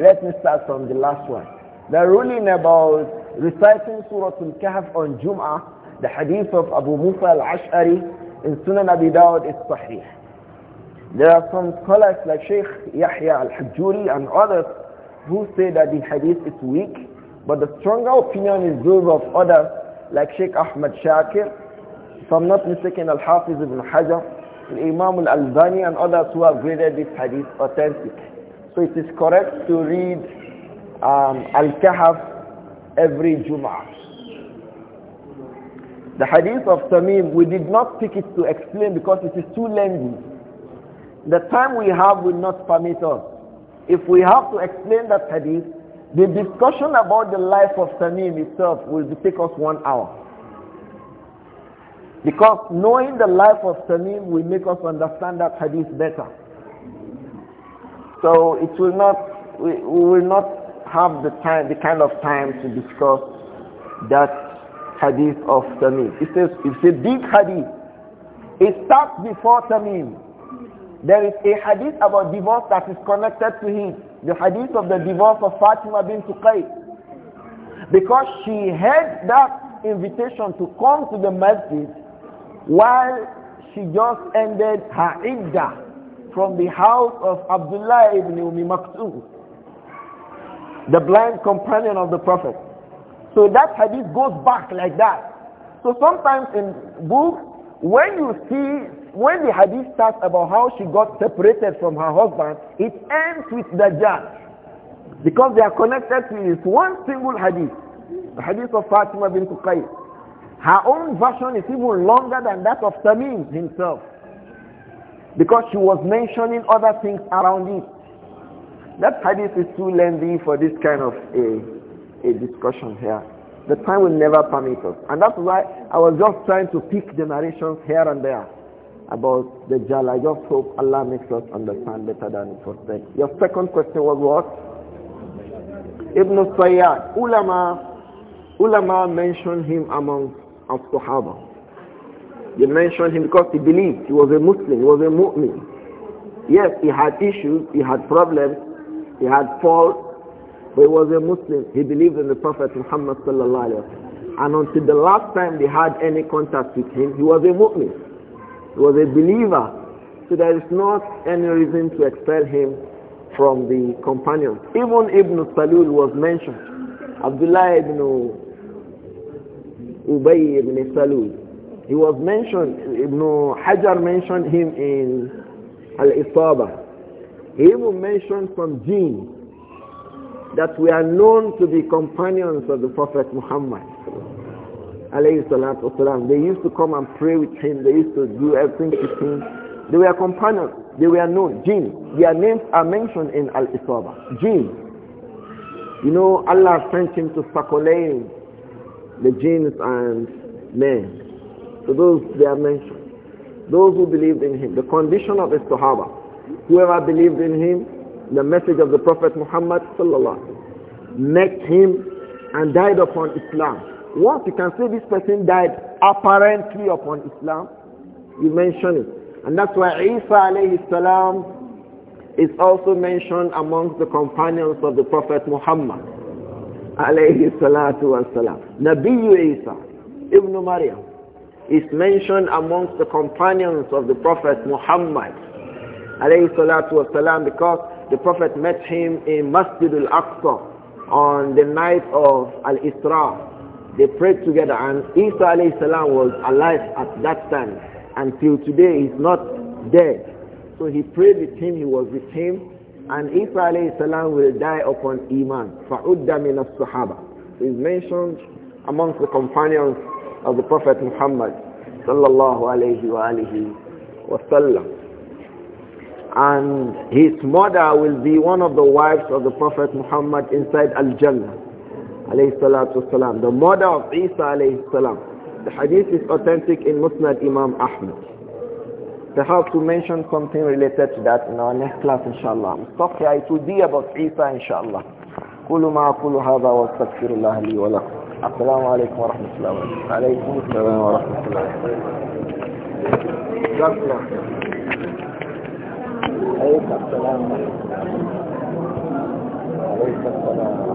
Let me start from the last one. The ruling about reciting Surah Al-Kahf on Jum'ah, the hadith of Abu Musa al-Ash'ari in Sunan Abi Dawud is sahih. There are some scholars like Sheikh Yahya al-Hajjuri and others who say that the hadith is weak, but the stronger opinion is those of others like Sheikh Ahmad Shakir, if I'm not mistaken, Al-Hafiz ibn Hajar, Imam al-Albani and others who have graded this hadith authentic. So it is correct to read um, Al-Kahf every Jum'ah. The hadith of Tamim, we did not pick it to explain because it is too lengthy. The time we have will not permit us. If we have to explain that hadith, the discussion about the life of Tamim itself will take us one hour. Because knowing the life of Tamim will make us understand that hadith better. So it will not, we, we will not have the time, the kind of time to discuss that hadith of Tamim. It says, it's a big hadith. It starts before Tamim. There is a hadith about divorce that is connected to him. The hadith of the divorce of Fatima bin Tuqay. Because she had that invitation to come to the masjid while she just ended her iddah from the house of Abdullah ibn Umi Maktoum, the blind companion of the Prophet. So that hadith goes back like that. So sometimes in books, when you see when the hadith starts about how she got separated from her husband, it ends with the judge Because they are connected to this one single hadith. The hadith of Fatima bin Qais. Her own version is even longer than that of Tamim himself. Because she was mentioning other things around it. That hadith is too lengthy for this kind of a, a discussion here the time will never permit us. And that's why I was just trying to pick the narrations here and there about the Jal. I just hope Allah makes us understand better than it was said. Your second question was what? Ibn Sayyad. Ulama, ulama mentioned him among of Sahaba. They mentioned him because he believed. He was a Muslim. He was a mu'min. Yes, he had issues. He had problems. He had faults. But he was a Muslim. He believed in the Prophet Muhammad sallallahu alaihi wasallam. And until the last time they had any contact with him, he was a mu'min. He was a believer. So there is not any reason to expel him from the companions. Even Ibn Salul was mentioned. Abdullah ibn Ubay ibn Salul. He was mentioned, Ibn Hajar mentioned him in Al-Isaba. He even mentioned some jinn that we are known to be companions of the Prophet Muhammad alayhi they used to come and pray with him. They used to do everything with him. They were companions. They were known. Jinn. Their names are mentioned in Al-Isaba. Jinn. You know, Allah sent him to Fakolain, the jinns and men. So those, they are mentioned. Those who believed in him. The condition of the Sahaba. Whoever believed in him, the message of the Prophet Muhammad sallallahu met him and died upon Islam. Once you can say this person died apparently upon Islam, you mention it. And that's why Isa alayhi salam is also mentioned amongst the companions of the Prophet Muhammad alayhi salatu wasalam. Nabi Isa ibn Maryam is mentioned amongst the companions of the Prophet Muhammad alayhi salatu wasalam because the Prophet met him in Masjid al-Aqsa on the night of Al-Isra they prayed together and Isa alayhi salam was alive at that time. Until today he's not dead. So he prayed with him, he was with him. And Isa alayhi salam will die upon Iman. فَعُدَّ as الصُّحَابَةِ is mentioned amongst the companions of the Prophet Muhammad sallallahu alayhi wa alihi wa sallam. And his mother will be one of the wives of the Prophet Muhammad inside Al-Jannah alayhi the mother of Isa alayhi salam. The hadith is authentic in Musnad Imam Ahmad. Perhaps to mention something related to that in our next class inshallah. Stop here, it will be about Isa inshallah. قولوا ما أقول هذا واستغفر الله لي ولكم السلام عليكم ورحمة الله وبركاته عليكم السلام ورحمة الله وبركاته عليكم السلام عليكم السلام